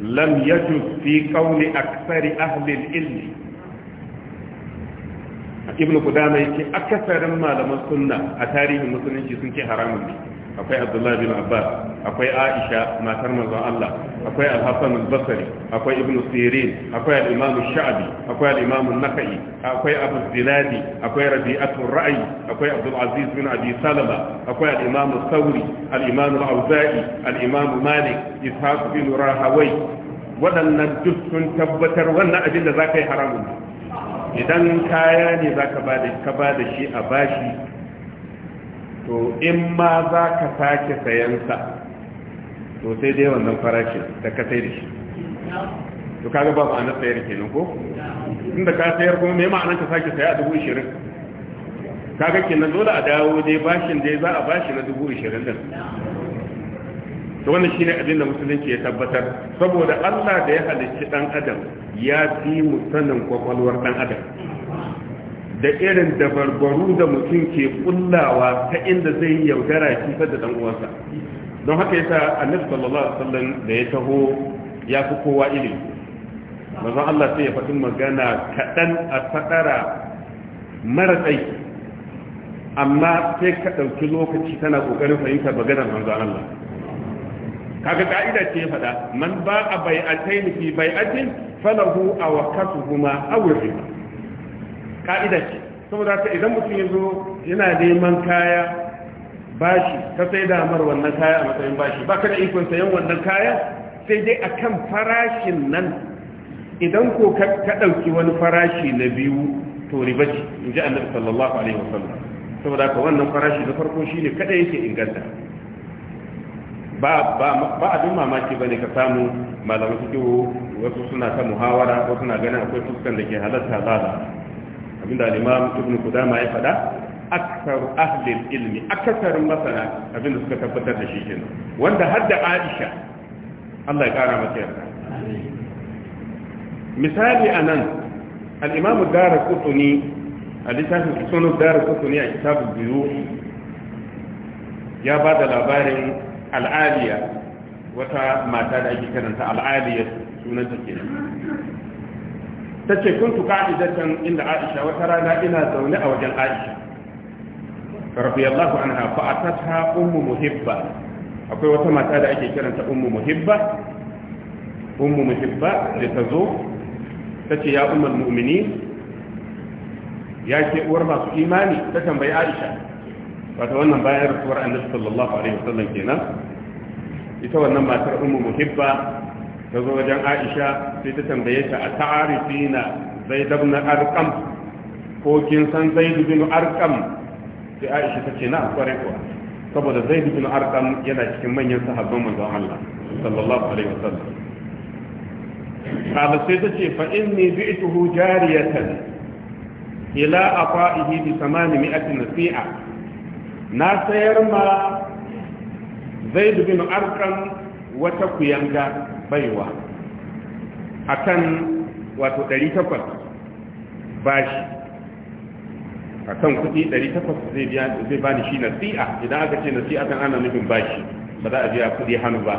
lam ya fi a ƙasari ahlil ilmi ibn kudama yake akasarin malaman sunna a tarihin musulunci sun ce haramun ne akwai abdullahi bin abbas akwai aisha matar manzon allah akwai Alhassan, hasan al-basri akwai ibn sirin akwai al-imam sha'bi akwai al-imam an akwai abu zinadi akwai rabi'atu akwai abdul aziz bin abi salama akwai al-imam thawri al-imam al-auza'i al-imam malik ishaq bin rahawai waɗannan duk sun tabbatar wannan abin da ka yi haramun idan kaya ne zaka ba da shi a bashi to in ma za ka sake sayansa to sai dai wannan farashin da ka sai da shi to kaga ba ma'anar sayar kenan ko inda ka sayar kuma mai ma'anar ka sake saya a dubu ishirin kaga nan dole a dawo dai bashin dai za a bashi na dubu ishirin din to wannan shine abin da musulunci ya tabbatar saboda Allah da ya halicci dan adam ya fi mu sanin kwakwalwar dan adam da irin dabarbaru da mutum ke kullawa ta inda zai yaudara shi da dan uwansa don haka yasa annabi sallallahu alaihi wasallam da ya taho ya fi kowa ilimi manzon Allah sai ya faɗi magana kaɗan a faɗara mara tsayi amma sai ka ɗauki lokaci tana ƙoƙarin fahimtar maganar manzon Allah kaga ka'ida ce faɗa man ba a bai'atain fi bai'atin falahu awqatuhuma aw riba ka'ida ce saboda haka idan mutum ya zo yana neman kaya bashi ka sai damar wannan kaya a matsayin bashi ba ka da ikon sayan wannan kaya sai dai akan farashin nan idan ko ka ɗauki wani farashi na biyu to riba ce in ji annabi sallallahu alaihi wasallam saboda haka wannan farashi na farko shine kada yake inganta ba abin mamaki ba ne ka samu malamu suke wasu suna ta muhawara wasu suna ganin akwai fuskan da ke halatta lala abinda al-imam ibn qudama ya faɗa aksaru ahli ilmi akasarin masana abinda suka tabbatar da shi kenan wanda har da aisha Allah ya kara mata yarda misali anan al-imam ad-darqutni al-littafin sunan ad-darqutni a kitabu biyu ya ba da labarin al'aliya wata mata da ake karanta al'aliya sunanta kenan ta ce kun kuntu ka'idatan inda aisha wata rana ina zaune a wajen aisha an anha a atatha ummu muhibba akwai wata mata da ake kiranta ummu muhibba ummu muhibba da ta zo ta ce ya ummul mu'minin ya ke uwar masu imani ta tambayi aisha wata wannan bayan rasuwar annabi sallallahu alaihi wasallam kenan ita wannan matar ummu muhibba ta zo wajen aisha sai ta tambaye ta a ta'arifi na zai dabna arkam ko kin san zai dubinu arkam sai aisha ta ce na kware kuwa saboda zai dubinu arkam yana cikin manyan sahabban manzon Allah sallallahu alaihi wasallam kala sai ta ce fa inni bi'tuhu jariyatan ila afa'ihi bi 800 nasi'a na sayar ma zai dubinu arkam wata kuyanga baiwa akan wato 800 shi akan kudi 800 zai biya zai bani shi nasi'a idan aka ce nasi'a kan ana nufin shi, ba za a biya kudi hannu ba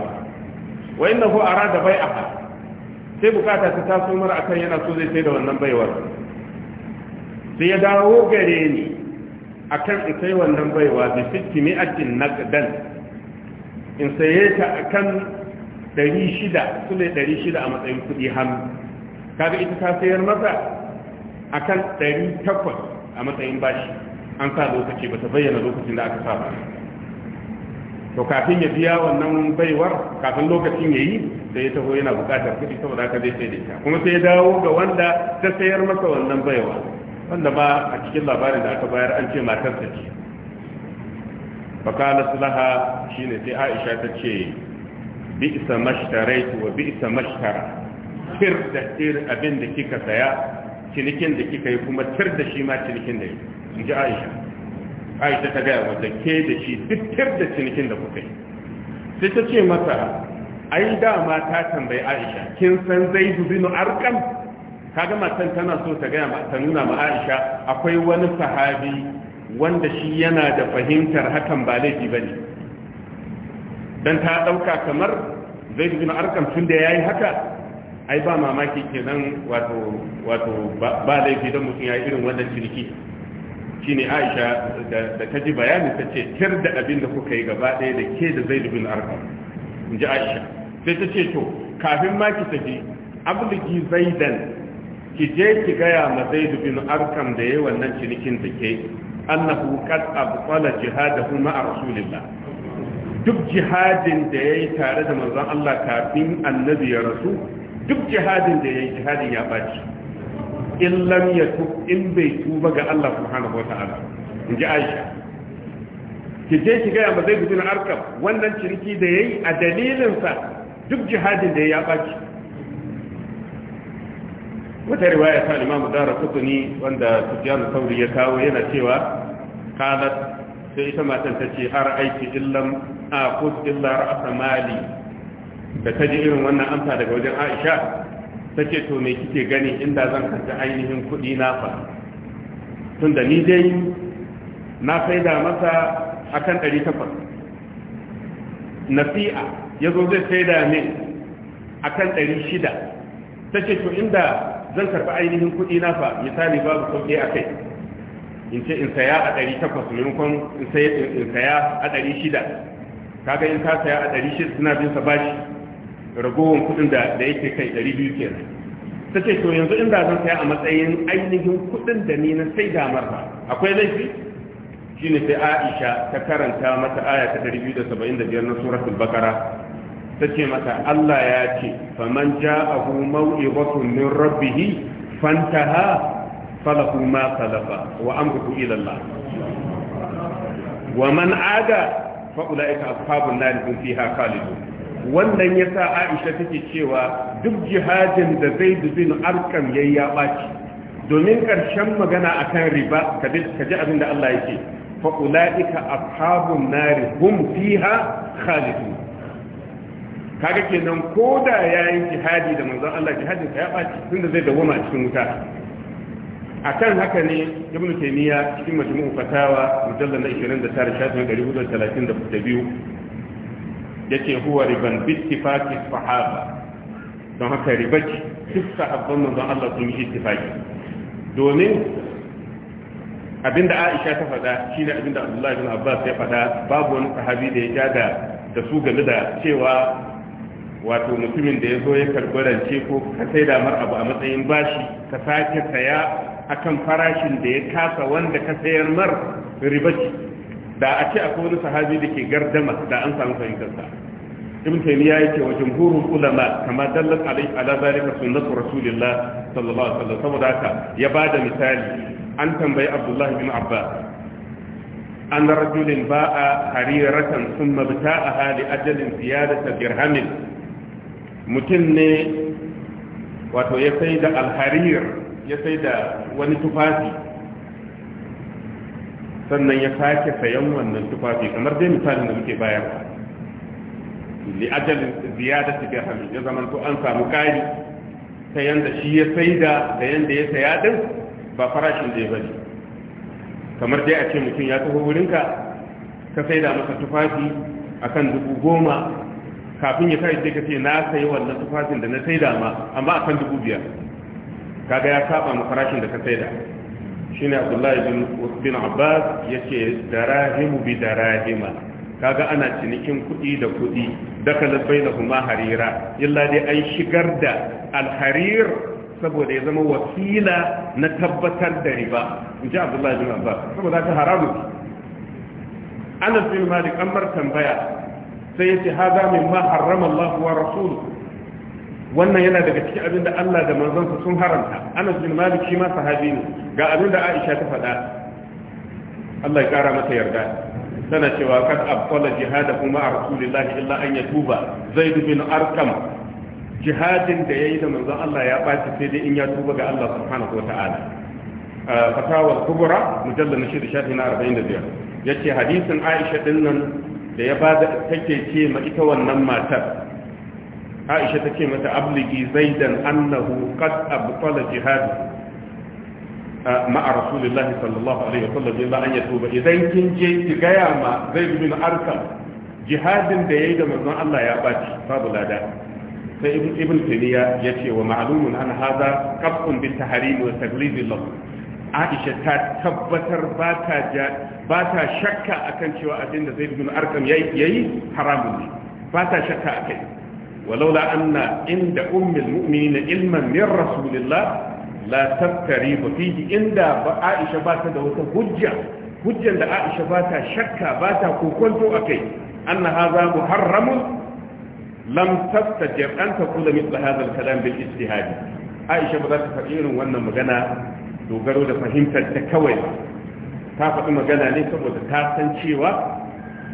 na rada bai a bai'aha sai bukata ta taso mara akan yana so zai sai da wannan baiwar sai ya dawo gare ni akan kan sai wannan baiwa bi 600 naqdan in saye ta akan ɗari shida su a matsayin kuɗi hannu kaga ita ta sayar masa a kan ɗari a matsayin bashi an sa lokaci ba ta bayyana lokacin da aka sa ba to kafin ya biya wannan baiwar kafin lokacin ya yi sai ya taho yana buƙatar kuɗi saboda aka zai sai da ita kuma sai ya dawo ga wanda ta sayar masa wannan baiwa wanda ba a cikin labarin da aka bayar an ce matarsa ce na sulaha shine sai aisha ta ce bi'sa mashtaraitu wa bi'sa mashtara tir da tir abin da kika saya cinikin da kika yi kuma tir da shi ma cinikin da yi in ji aisha aisha ta gaya wata ke da shi duk tir da cinikin da kuka yi sai ta ce masa ai dama ta tambayi aisha kin san zaidu bin arqam kaga matan tana so ta gaya ta nuna ma aisha akwai wani sahabi wanda shi yana da fahimtar hakan ba laifi ba ne. dan ta ɗauka kamar zai bin arkam tun da yayi haka ai ba mamaki kenan wato wato ba laifi don mutum ya yi irin wannan ciniki shine Aisha da ta ji bayani ta ce kir da abin da kuka yi gaba ɗaya da ke da Zaid bin arkam? in ji Aisha sai ta ce to kafin ma ki tafi zai Zaidan ki je ki gaya ma Zaid bin arkam da yayi wannan cinikin da ke annahu kad abqala jihadahu ma'a Rasulillah duk jihadin da ya yi tare da manzon Allah kafin annabi ya rasu duk jihadin da ya yi jihadin ya ɓaci in lam ya in bai tuba ga Allah subhanahu wa ta'ala in ji Aisha ki je ki gaya ba zai bi na arkam wannan ciniki da ya yi a dalilinsa duk jihadin da ya ɓaci wata riwaya ta Imam ni wanda Sufyan Thawri ya kawo yana cewa qalat sai ita matan ta ce har aiki illam a kud illa ra'asa mali da ta ji irin wannan amsa daga wajen aisha ta ce to me kike gani inda zan kanta ainihin kuɗi na fa tun da ni dai na faida masa akan ɗari takwas nasi'a ya zo zai faida ne akan ɗari shida ta ce to inda zan karɓi ainihin kuɗi na fa misali babu sauƙi a kai in ce in saya a ɗari takwas maimakon in saya a ɗari shida kaga in ka saya a ɗari shida suna bin sa bashi ragowar kuɗin da da yake kai ɗari biyu ke ta ce to yanzu inda zan saya a matsayin ainihin kuɗin da ni na sai damar ba akwai laifi shine sai Aisha ta karanta mata aya ta biyar na suratul Baqara ta ce mata Allah ya ce faman ja'ahu maw'izatun min rabbih fantaha falahu ma salafa wa amruhu ila Allah wa man aga fa ulaika ashabun nar hum fiha khalidun wannan yasa Aisha take cewa duk jihadin da Zaid bin Arqam yayi ya baci domin karshen magana akan riba ka ji abin da Allah yake fa ulaika ashabun nar hum fiha khalidun kaga kenan koda yayin jihadi da manzon Allah jihadin ya baci tunda zai dawoma a cikin wuta akan haka ne ibnu taymiya cikin majmu'u fatawa mujallal na 29 shafin 432 yace huwa riban bi ittifaqi sahaba don haka ribaci duk sahabban manzon Allah sun yi ittifaqi domin abinda Aisha ta faɗa shine abinda Abdullah ibn Abbas ya faɗa babu wani sahabi da ya ja da su game da cewa wato mutumin da ya zo ya karbi rance ko ka sai da abu a matsayin bashi ka sake saya akan farashin da ya kasa wanda ka sayar mar ribaci da a ce akwai wani sahabi da ke gardama da an samu fahimtarsa ibn taymiya yake wa jumhurul ulama kama dallat alai ala zalika sunnatu rasulillah sallallahu alaihi wasallam saboda haka ya bada misali an tambayi abdullahi bin abbas an rajulin ba'a hariratan thumma bita'aha li ajalin ziyadata mutum ne wato ya sai da alharir ya sai da wani tufafi sannan ya sake sayan wannan tufafi kamar dai misalin da muke bayar li ajalin ziyada ta dirhami ya zama to an samu kari ta yanda shi ya sai da da yanda ya saya din ba farashin da ya bari kamar dai a ce mutum ya taho wurinka ka sai da masa tufafi akan dubu goma kafin ya tashi sai ka ce na sayi wannan tufafin da na saida ma amma akan dubu biyar kaga ya saba ma farashin da ka saida shine Abdullahi bin bin Abbas yace darahimu bi darahima kaga ana cinikin kuɗi da kuɗi dakalat kuma harira illa dai an shigar da alharir saboda ya zama wasila na tabbatar da riba in ji Abdullahi bin Abbas saboda ta haramu Anas bin Malik an bar tambaya sai ce haza ma harrama Allah wa rasuluhu wannan yana daga cikin abin da Allah da manzansa sun haramta Anas bin Malik shi ma sahabi ne ga abin da Aisha ta faɗa Allah ya kara mata yarda tana cewa kad abtala jihadakum ma rasulillah illa an yatuba Zaid bin Arqam jihadin da yayi da manzon Allah ya baci sai dai in ya tuba ga Allah subhanahu wata'ala fatawar kubra mujallal shida 45 yace hadisin Aisha din nan da ya da take ce ma ita wannan matar Aisha take mata abligi zaidan annahu qad abtala jihad ma'a rasulullah sallallahu alaihi wasallam illa an yatuba idan kin je ki gaya ma zaid bin arkam jihadin da yayi da manzon Allah ya baci babu lada sai ibn ibn taniya yace wa ma'lumun an hadha qafun bi tahrim wa taglid lahu aisha ta tabbatar ba ta shakka akan cewa abin da zai bin arkam ya yi haramun ne ba ta shakka a kai walaula anna inda ummul na ilman min rasulillah la tattari ba fihi inda ba aisha ba ta da wata hujja hujjan da aisha ba ta shakka ba ta kokonto a kai anna haza muharramun lam tabtajir an kula mithla hadha kalam bil ijtihad aisha ba za ta faɗi irin wannan magana dogaro da fahimtar ta kawai ta faɗi magana ne saboda ta san cewa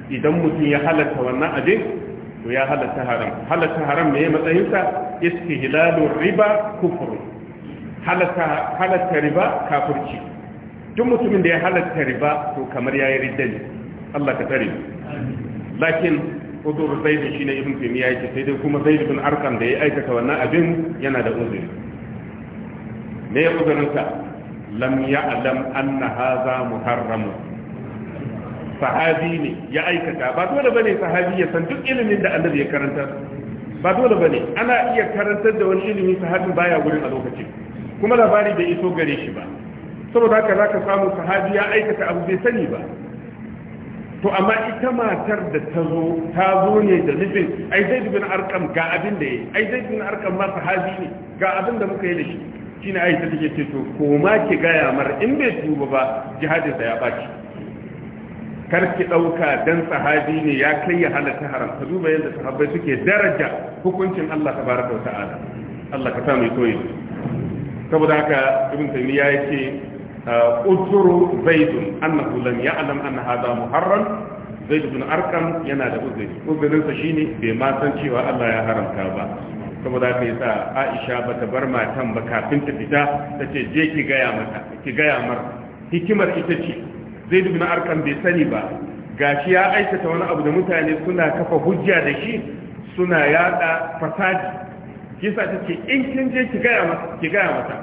idan mutum ya halatta wannan abin to ya halatta haram halatta haram ne matsayinsa hilalu riba kufur halatta halatta riba kafirci duk mutumin da ya halatta riba to kamar yayi riddani Allah ka tare lakin udur zaid ne ibn taymiya yake sai dai kuma zaid bin arqam da ya aikata wannan abin yana da uzuri me ya uzurinsa لم يعلم أن هذا محرم sahabi ne ya aikata ba dole bane sahabi ya san duk ilimin da annabi ya karanta ba dole bane ana iya karantar da wani ilimi sahabi baya gurin a lokacin kuma labari bai iso gare shi ba saboda haka zaka samu sahabi ya aikata abu bai sani ba to amma ita matar da ta zo ta zo ne da nufin ai zai bin arkam ga abin da ya ai zai bin arkam ma sahabi ne ga abin da muka yi da shi shine aisha take ce to ma ki gaya mar in bai tuba ba jihadin da ya baki kar ki dauka dan sahabi ne ya kai ya halatta haram ka duba yadda sahabbai suke daraja hukuncin Allah tabaraka wa ta'ala Allah ka sa mai koyi saboda haka ibn taymiya yake uzuru zaidun annahu lam ya'lam anna hadha muharram zaid ibn arqam yana da uzuri sa shine bai ma san cewa Allah ya haramta ba saboda ka yasa Aisha bata bar matan ba kafin ta fita tace je ki gaya mata ki gaya mar hikimar ita ce dubi ibn Arqam bai sani ba gashi ya aikata wani abu da mutane suna kafa hujja da shi suna yada fasadi kisa ce in kin je ki gaya mata ki gaya mata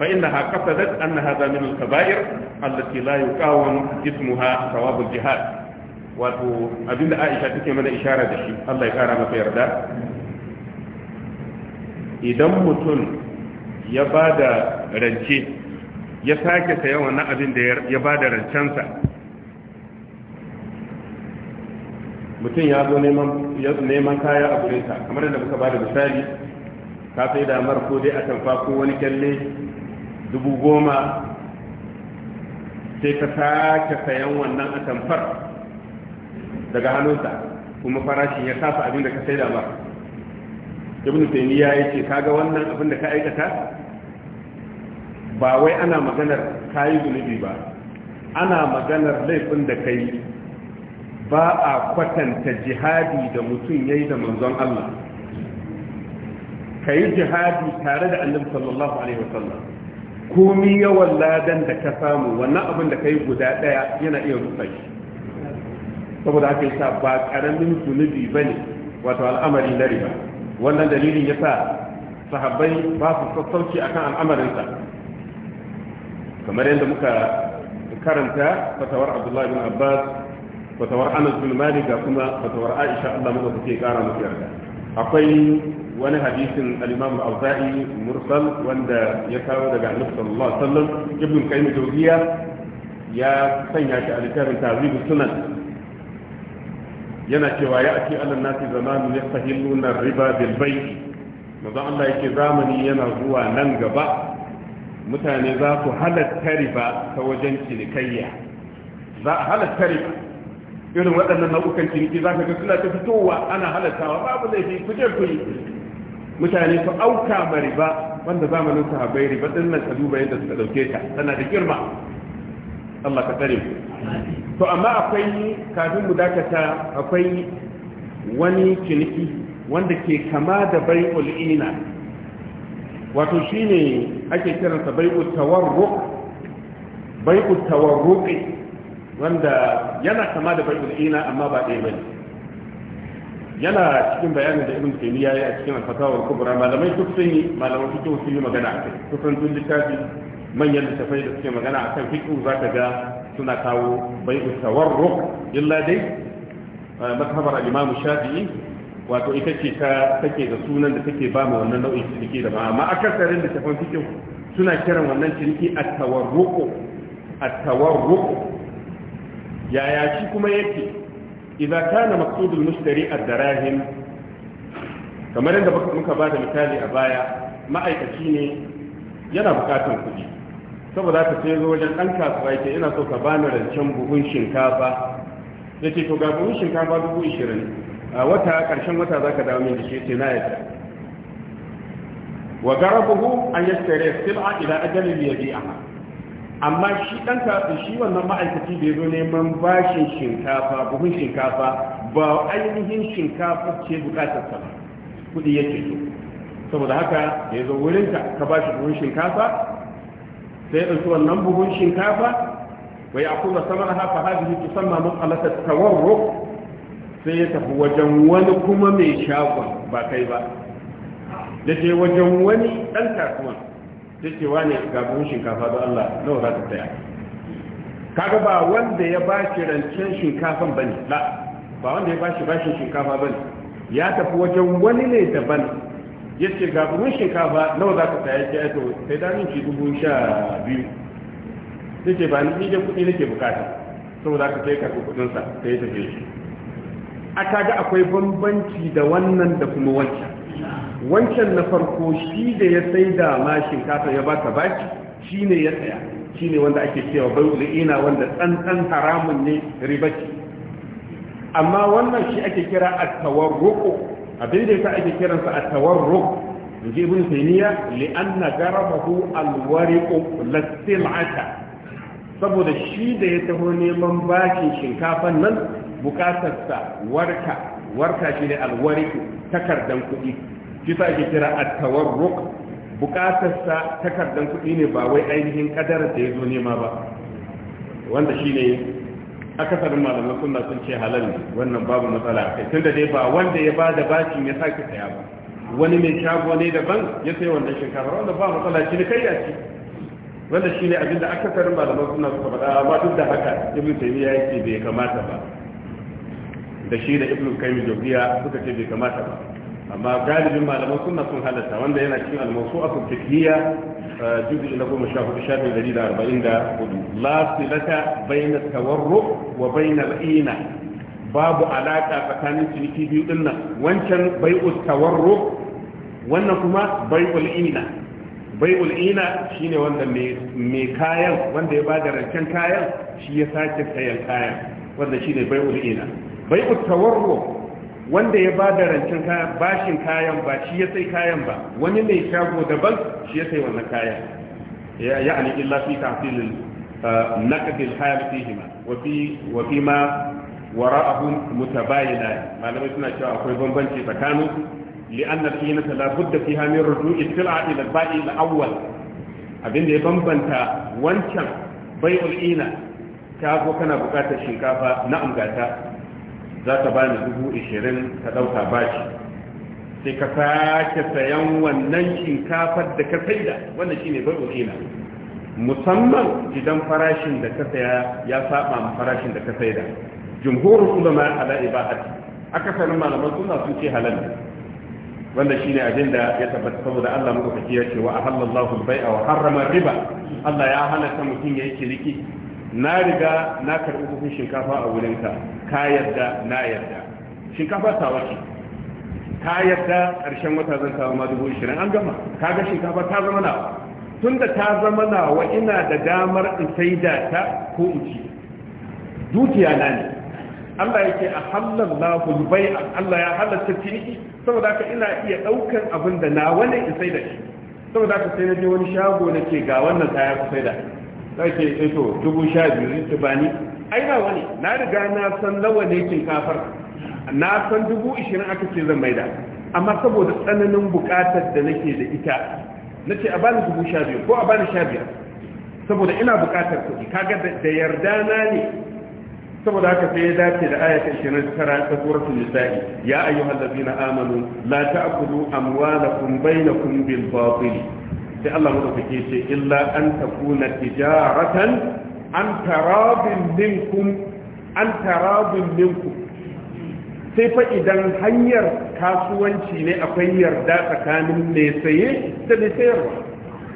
fa innaha qasadat anna hadha min al-kaba'ir allati la yuqawam ismuha thawab al-jihad wato abinda Aisha take mana isharar da shi Allah ya kara masa yarda idan mutum ya ba da rance ya sake sayan wannan abin da ya ba da rancensa mutum ya zo neman kaya a gurinsa kamar da muka ba da misali ka sai damar ko dai a tamfa ko wani kyalle dubu goma sai ka sake sayan wannan atamfar daga hannunsa kuma farashin ya kasa abin da ka sai damar ibnu taymiya yace kaga wannan abin da ka aikata ba wai ana maganar kayi zunubi ba ana maganar laifin da kai ba a kwatanta jihadi da mutum yayi da manzon Allah kayi jihadi tare da annabi sallallahu alaihi wasallam komi yawan ladan da ka samu wannan abin da kai guda daya yana iya rufa shi saboda haka yasa ba karamin zunubi bane wato al'amari na riba wannan dalilin ya sa sahabbai ba su sassauci akan al'amarinsa kamar yadda muka karanta fatawar abdullahi bin abbas fatawar anas bin malik ga kuma fatawar aisha allah muka take kara musu yarda akwai wani hadisin al-imam al mursal wanda ya kawo daga annabi sallallahu alaihi wasallam ibn qayyim jawziya ya sanya shi a littafin tazibu sunan yana cewa ya ake alan nasi zamanu ya sahilluna riba bil bai'i manzon Allah yake zamani yana zuwa nan gaba mutane za ku halatta riba ta wajen cinikayya za a halatta riba irin waɗannan nau'ukan ciniki za ka ga suna ta fitowa ana halattawa babu laifi ku je ku yi mutane su auka ma riba wanda zamanin sahabbai riba ɗin nan ka duba yadda suka ɗauke ta tana da girma Allah ka tsare mu to amma akwai kafin mu dakata akwai wani ciniki wanda ke kama da bai'ul ina wato shine ake kiransa bai'ul tawarruq bai'ul tawarruq wanda yana kama da bai'ul ina amma ba ɗaya bane yana cikin bayanin da ibn taymiya ya a cikin al-fatawa kubra malamai duk sun yi malamai duk sun yi magana akai kusan duk littafi manyan littafai da suke magana akan fiqh zaka ga suna kawo bai'u tawarruk illa dai eh, mazhabar al shafi'i wato ita ce ta take da sunan da take ba mu wannan nau'in ciniki da ba amma akasarin da tafan fikin suna kiran wannan ciniki a tawarruq a tawarruq yaya shi kuma yake Iza kana maqsudul mushtari ad-darahim kamar yadda muka ba da misali a baya ma'aikaci ne yana bukatar kuɗi saboda ka ce zo wajen ɗan kasuwa yake ina so ka bani rancen buhun shinkafa ya ce to ga buhun shinkafa dubu ishirin a wata ƙarshen wata za ka dawo min da shi ce na yadda wa buhu an yastare sil'a ila ajalin yabi'aha amma shi ɗan kasuwa shi wannan ma'aikaci da ya zo neman bashin shinkafa buhun shinkafa ba ainihin shinkafa ce bukatar sa kuɗi yake so saboda haka ya zo wurinka ka bashi buhun shinkafa sai ɗauki wannan buhun shinkafa wai ya kuma samar hafa hajji tusamma matsalatar tawarruk sai ya tafi wajen wani kuma mai shagon ba kai ba da ce wajen wani ɗan kasuwan ta ce wane buhun shinkafa da Allah nawa za ta saya kaga ba wanda ya ba shi rancen shinkafan ba ne ba wanda ya ba shi bashin shinkafa ba ne ya tafi wajen wani ne daban ya ce ga buhun shinkafa nawa za ka saya ke aito sai da minci dubu sha biyu sai ce ba ni idan kuɗi nake bukata saboda ka sai karɓi kuɗinsa sai ta tafi shi a kaga akwai bambanci da wannan da kuma wancan wancan na farko shi da ya sai da ma shinkafa ya baka baki shi ne ya tsaya shi ne wanda ake cewa bai ina wanda tsantsan haramun ne ribaci amma wannan shi ake kira a tawarruku abin da yasa ake kiransa at-tawarruq inji ibn taymiya li anna garabahu al-wariqu saboda shi da ya taho neman bakin shinkafan nan sa warka warka shi ne alwariku takardan kuɗi shi sa ake kira at-tawarruq sa takardan kuɗi ne ba wai ainihin kadar da ya zo nema ba wanda shi ne akasarin malaman sunna sun ce halal wannan babu matsala kai tunda dai ba wanda ya ba da bashin ya sake saya ba wani mai shago ne daban ya sai wannan shinkafa. wanda ba matsala shi ne kai ya ci wanda shi ne abinda akasarin malaman sunna suka faɗa amma duk da haka ibnu taymiya yake bai kamata ba da shi da ibnu kaymi jawziya suka ce bai kamata ba amma galibin malaman sunna sun halatta wanda yana cikin almasu a fiqhiyya uh, juz'i na goma sha hudu sha dari da arba'in da hudu la silata baina tawarru wa baina al'ina babu alaka tsakanin ciniki biyu din nan wancan bai'u tawarru wannan kuma bai'ul ina bai'ul ina shine wanda mai kayan wanda ya bada rancen kayan shi ya sake sayan kayan wanda shine bai'ul ina bai'u tawarru wanda ya ba da rancen bashin kayan ba shi ya sai kayan ba wani mai shago daban shi ya sai wannan kayan ya'ani illa fi tahsilil uh, naqdil hal fihima wa fi wa fi ma wara'ahum mutabayina malamai suna cewa akwai bambanci tsakanin li'anna al-qiyamata la da fiha min ruju'i al-sil'a ila bai al-awwal abinda ya bambanta wancan bai'ul ina ta zo kana bukatar shinkafa na amgata za ta bani dubu ishirin ka ɗauka bashi sai ka sake sayan wannan shinkafar da ka saida wannan shine baro ina musamman idan farashin da ka saya ya saba ma farashin da ka saida jumhurin ulama ala ibahati akasarin malaman suna sun ce halal ne wanda shine abin da ya tabbata saboda Allah muka ya ce wa ahallallahu al-bai'a wa harrama riba Allah ya halatta mutum yi ciniki na riga na karɓi kufin shinkafa a wurinka ka yarda na yarda shinkafa ta wace ka yarda ƙarshen wata zan kawo ma dubu ishirin an gama ka ga shinkafa ta zama nawa tun da ta zama nawa ina da damar in sai da ta ko in ci dukiya na ne Allah yake a na bai'a Allah ya halatta ciniki saboda haka ina iya ɗaukar abin da na wani in sai da shi saboda haka sai na je wani shago na ke ga wannan kaya ku da. sai eto eh dubu sha biyu ta bani ai ba wani na riga na san nawa ne shinkafar na san dubu ishirin aka ce zan maida amma saboda tsananin bukatar da nake da ita na ce a bani dubu sha biyu ko a bani sha biyar saboda ina bukatar kuɗi kaga da yarda na ne saboda haka sai ya dace da ayata 29 ta suratul nisa'i ya ayyuhallazina amanu la ta'kulu amwalakum bainakum bil batil sai Allah madaukake ce illa an takuna tijaratan an tarabin minkum an tarabin minkum sai fa idan hanyar kasuwanci ne akwai yarda tsakanin mai saye da mai sayarwa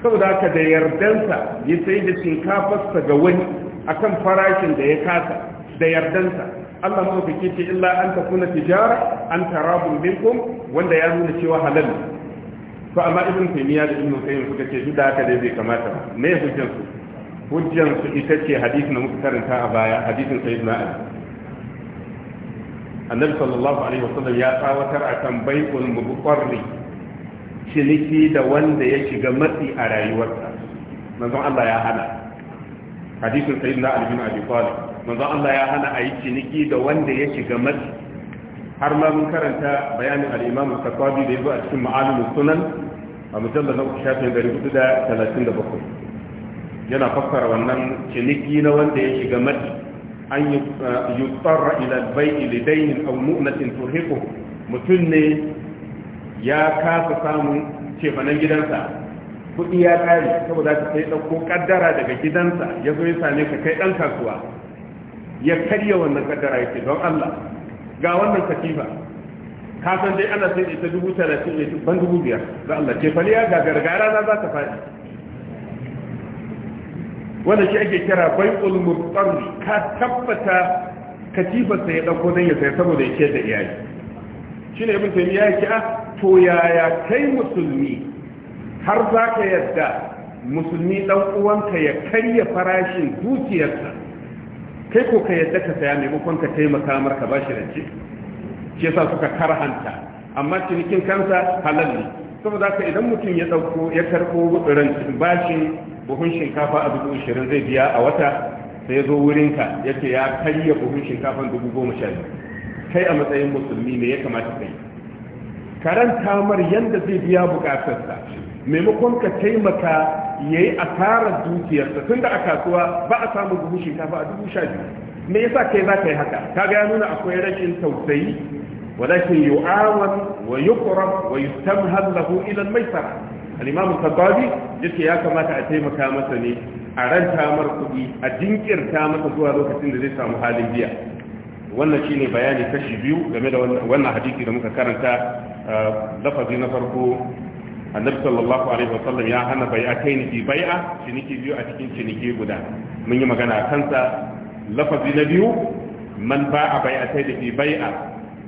saboda haka da yardansa ya sai da shinkafarsa ga wani akan farashin da ya kasa da yardansa Allah madaukake ce illa an takuna tijara an tarabin minkum wanda ya nuna cewa halal to amma ibn taymiya da ibn qayyim suka ce duk da haka dai bai kamata ba me hujjan su hujjan su ita ce hadisin da muka karanta a baya hadisin sayyidina ali annabi sallallahu alaihi wasallam ya tsawatar akan bai'ul mubqarri ciniki da wanda ya shiga matsi a rayuwarsa manzon Allah ya hana hadisin sayyidina ali bin abi talib manzon Allah ya hana a yi ciniki da wanda ya shiga matsi har ma mun karanta bayanin al-imam al-katabi da yazo a cikin ma'alim sunan a mujallal na shafin 437 yana fassara wannan ciniki na wanda ya shiga madi an uh, yutarra ila al-bai'i li dayn aw mu'natin turhiqu mutun ne ya kasa samun cefanen gidansa kuɗi ya ƙare saboda ka kai ɗauko ƙaddara daga gidansa ya zo ya same ka kai ɗan kasuwa ya karya wannan ƙaddara yake don Allah ga wannan katifa ka san dai ana sai ita dubu talatin ne ban dubu biyar da Allah ce faliya ga gargara na za ta faɗi wanda shi ake kira ulmur murtarri ka tabbata katifarsa ya ɗauko don ya sayar saboda ya ce da iyali shi ne ibn taymiya ya ce a ah, to yaya kai musulmi har za ka yadda musulmi ɗan uwanka ya karya farashin dukiyarsa kai ko ka yadda ka saya maimakon ka taimaka mar ka bashi rance shi yasa suka karhanta amma cinikin kansa halal ne saboda haka idan mutum ya dauko ya karbo rancin bashin buhun shinkafa a dubu ishirin zai biya a wata sai ya zo wurinka ya ce ya karya buhun shinkafan dubu goma sha kai a matsayin musulmi ne ya kamata kai karanta mar yadda zai biya bukatarsa maimakon ka taimaka ya yi asarar dukiyarsa tun da a kasuwa ba a samu buhu shinkafa a dubu sha biyu me yasa kai za ka yi haka kaga ya nuna akwai rashin tausayi walakin yu'awan wa yuqrab wa yustamhal lahu ila al-maisara al-imam al-qadhi yace ya kamata a taimaka masa ne a ranta mar kuɗi a jinkirta masa zuwa lokacin da zai samu halin biya wannan shine bayani kashi biyu game da wannan hadisi da muka karanta uh, lafazi na farko annabi sallallahu alaihi wasallam ya hana bai'atayn bi bai'a ciniki biyu a cikin ciniki guda mun yi magana kansa lafazi na biyu man ba'a bai'atayn bi bai'a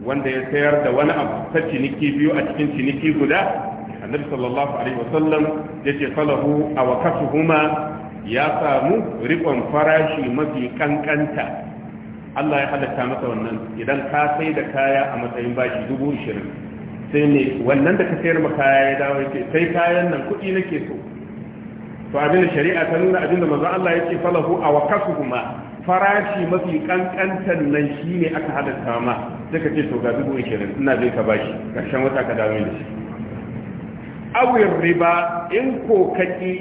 wanda ya sayar da wani abu ta ciniki biyu a cikin ciniki guda annabi sallallahu alaihi wasallam yace falahu aw kasuhuma ya samu rikon farashi mafi kankanta Allah ya halatta masa wannan idan ka sai da kaya a matsayin bashi dubu ishirin sai ne wannan da ka sayar ma kaya ya dawo yake sai kayan nan kuɗi nake so to abin shari'a ta nuna abin da manzo Allah yake falahu a kuma farashi mafi kankantan nan shi ne aka hada kama sai ka ce to ga dubu ishirin ina zai ka bashi karshen wata ka dawo da shi awir riba in ko kaki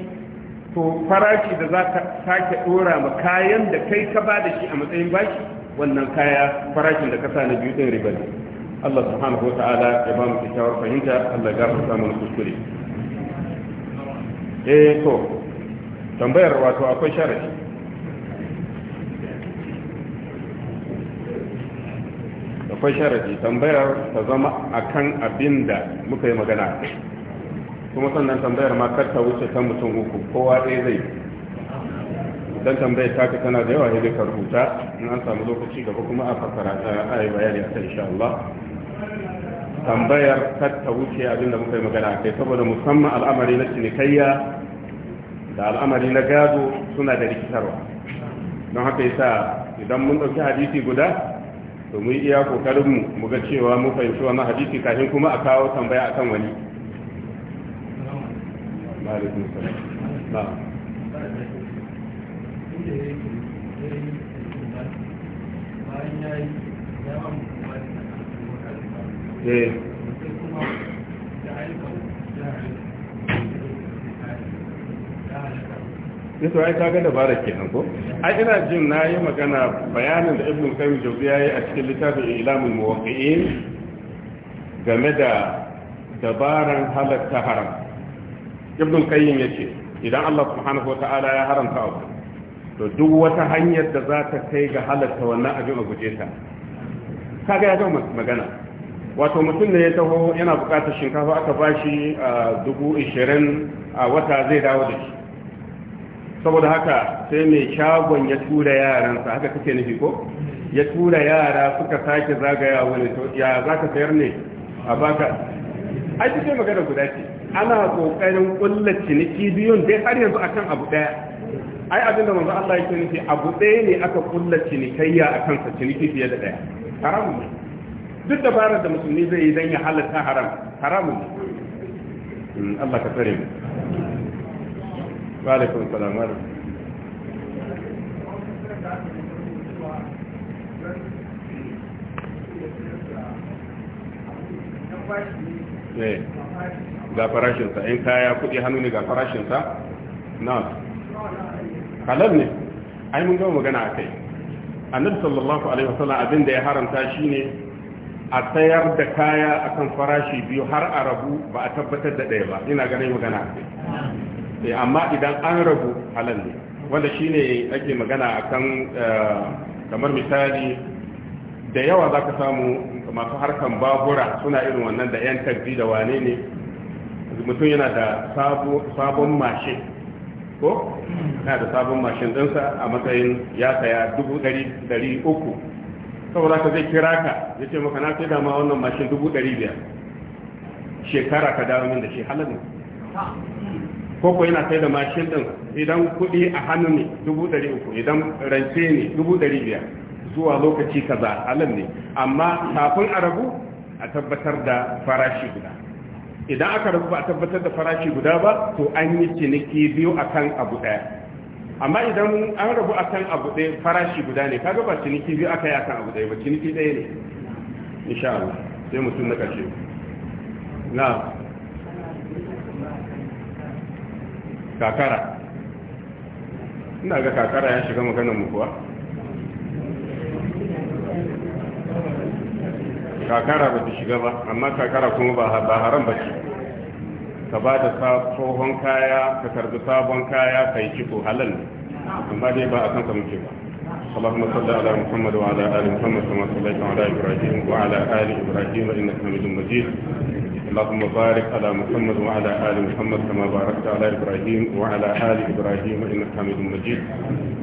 to farashi da za ka sake dora ma kayan da kai ka ba da shi a matsayin bashi wannan kaya farashin da ka sa na biyu din riba ne Allah subhanahu wa ta'ala ya ba mu kyakkyawar fahimta Allah ya gafarta mana kuskure eh to tambayar wato akwai sharadi akwai sharadi tambayar ta zama akan abinda muka yi magana kuma sannan tambayar ma kar ta wuce kan mutum uku kowa ɗaya zai dan tambayar taka tana da yawa sai ka rubuta in an samu lokaci gaba kuma a fassara ta ayi bayani akan insha Allah tambayar katta wuce abin da muka yi magana kai saboda musamman al'amari na cinikayya da al'amari na gado suna da rikitarwa don haka yasa idan mun ɗauki hadisi guda to mu yi iya kokarin mu ga cewa mun fahimci wannan hadisi kafin kuma a kawo tambaya akan wani bayan ya ya eh. yato ai ga dabara ke ko ai ina jin na yi magana bayanin da ibnu qayyim jawziya yayi a cikin littafin ilamul muwaqqi'in game da dabaran halatta haram ibnu ya yace idan Allah subhanahu wataala ya haramta abu to duk wata hanyar da za ta kai ga halatta wannan abin a guje ta kaga ya ga magana wato mutum ne ya taho yana bukatar shinkafa aka bashi a dubu ishirin a wata zai dawo da shi saboda haka sai mai shagon ya tura yaransa haka kake nufi ko ya tura yara suka sake zagaya wani to ya za ka sayar ne a baka ai cikin magana guda ce ana kokarin kulla ciniki biyun dai har yanzu akan abu daya ai abinda manzo Allah yake nufi abu daya ne aka kulla cinikayya akan sa ciniki fiye da daya haramun duk dabarar da musulmi zai yi don ya halatta haram haramun ne hmm, Allah ka tsare mu Ba alaikum salam wa eh, ga farashinsa in kaya kudi hannu ne ga farashinsa na halal ne ai mun gama magana a kai annabi sallallahu alaihi wasallam abin da ya haramta shine a sayar da kaya akan farashi biyu har a rabu ba a tabbatar da ɗaya ba ina ganin magana sai eh, amma idan an rabu halal ne wanda shine ake magana akan eh, kamar misali da yawa za ka samu masu harkan babura suna irin wannan da 'yan tagzi da wane ne mutum yana da sabon mashin ko yana da sabon mashin ɗinsa a matsayin ya saya uku. saboda ka zai kira ka ya ce maka na sai dama wannan mashin dubu ɗari biyar shekara ka dawo min da shi halar ne ko ko yana sai da mashin ɗin idan kuɗi a hannu ne dubu ɗari uku idan rance ne dubu ɗari biyar zuwa lokaci kaza halar ne amma kafin a rabu a tabbatar da farashi guda idan aka rabu ba a tabbatar da farashi guda ba to an yi ciniki biyu akan abu ɗaya amma idan an rabu akan abu ɗaya farashi guda ne kaga ba ciniki biyu aka yi akan abu ɗaya ba ciniki ɗaya ne insha Allah sai mutum na ƙarshe na kakara ina ga kakara ya shiga maganar mu kuwa kakara ba ta shiga ba amma kakara kuma ba haram ba ce ka ba da tsohon kaya ka karbi sabon kaya ka yi ciko halal ne amma dai ba a kan samun ba اللهم صل على محمد وعلى ال محمد كما صليت على ابراهيم وعلى ال ابراهيم انك حميد مجيد اللهم بارك على محمد وعلى ال محمد كما باركت على ابراهيم وعلى ال ابراهيم انك حميد مجيد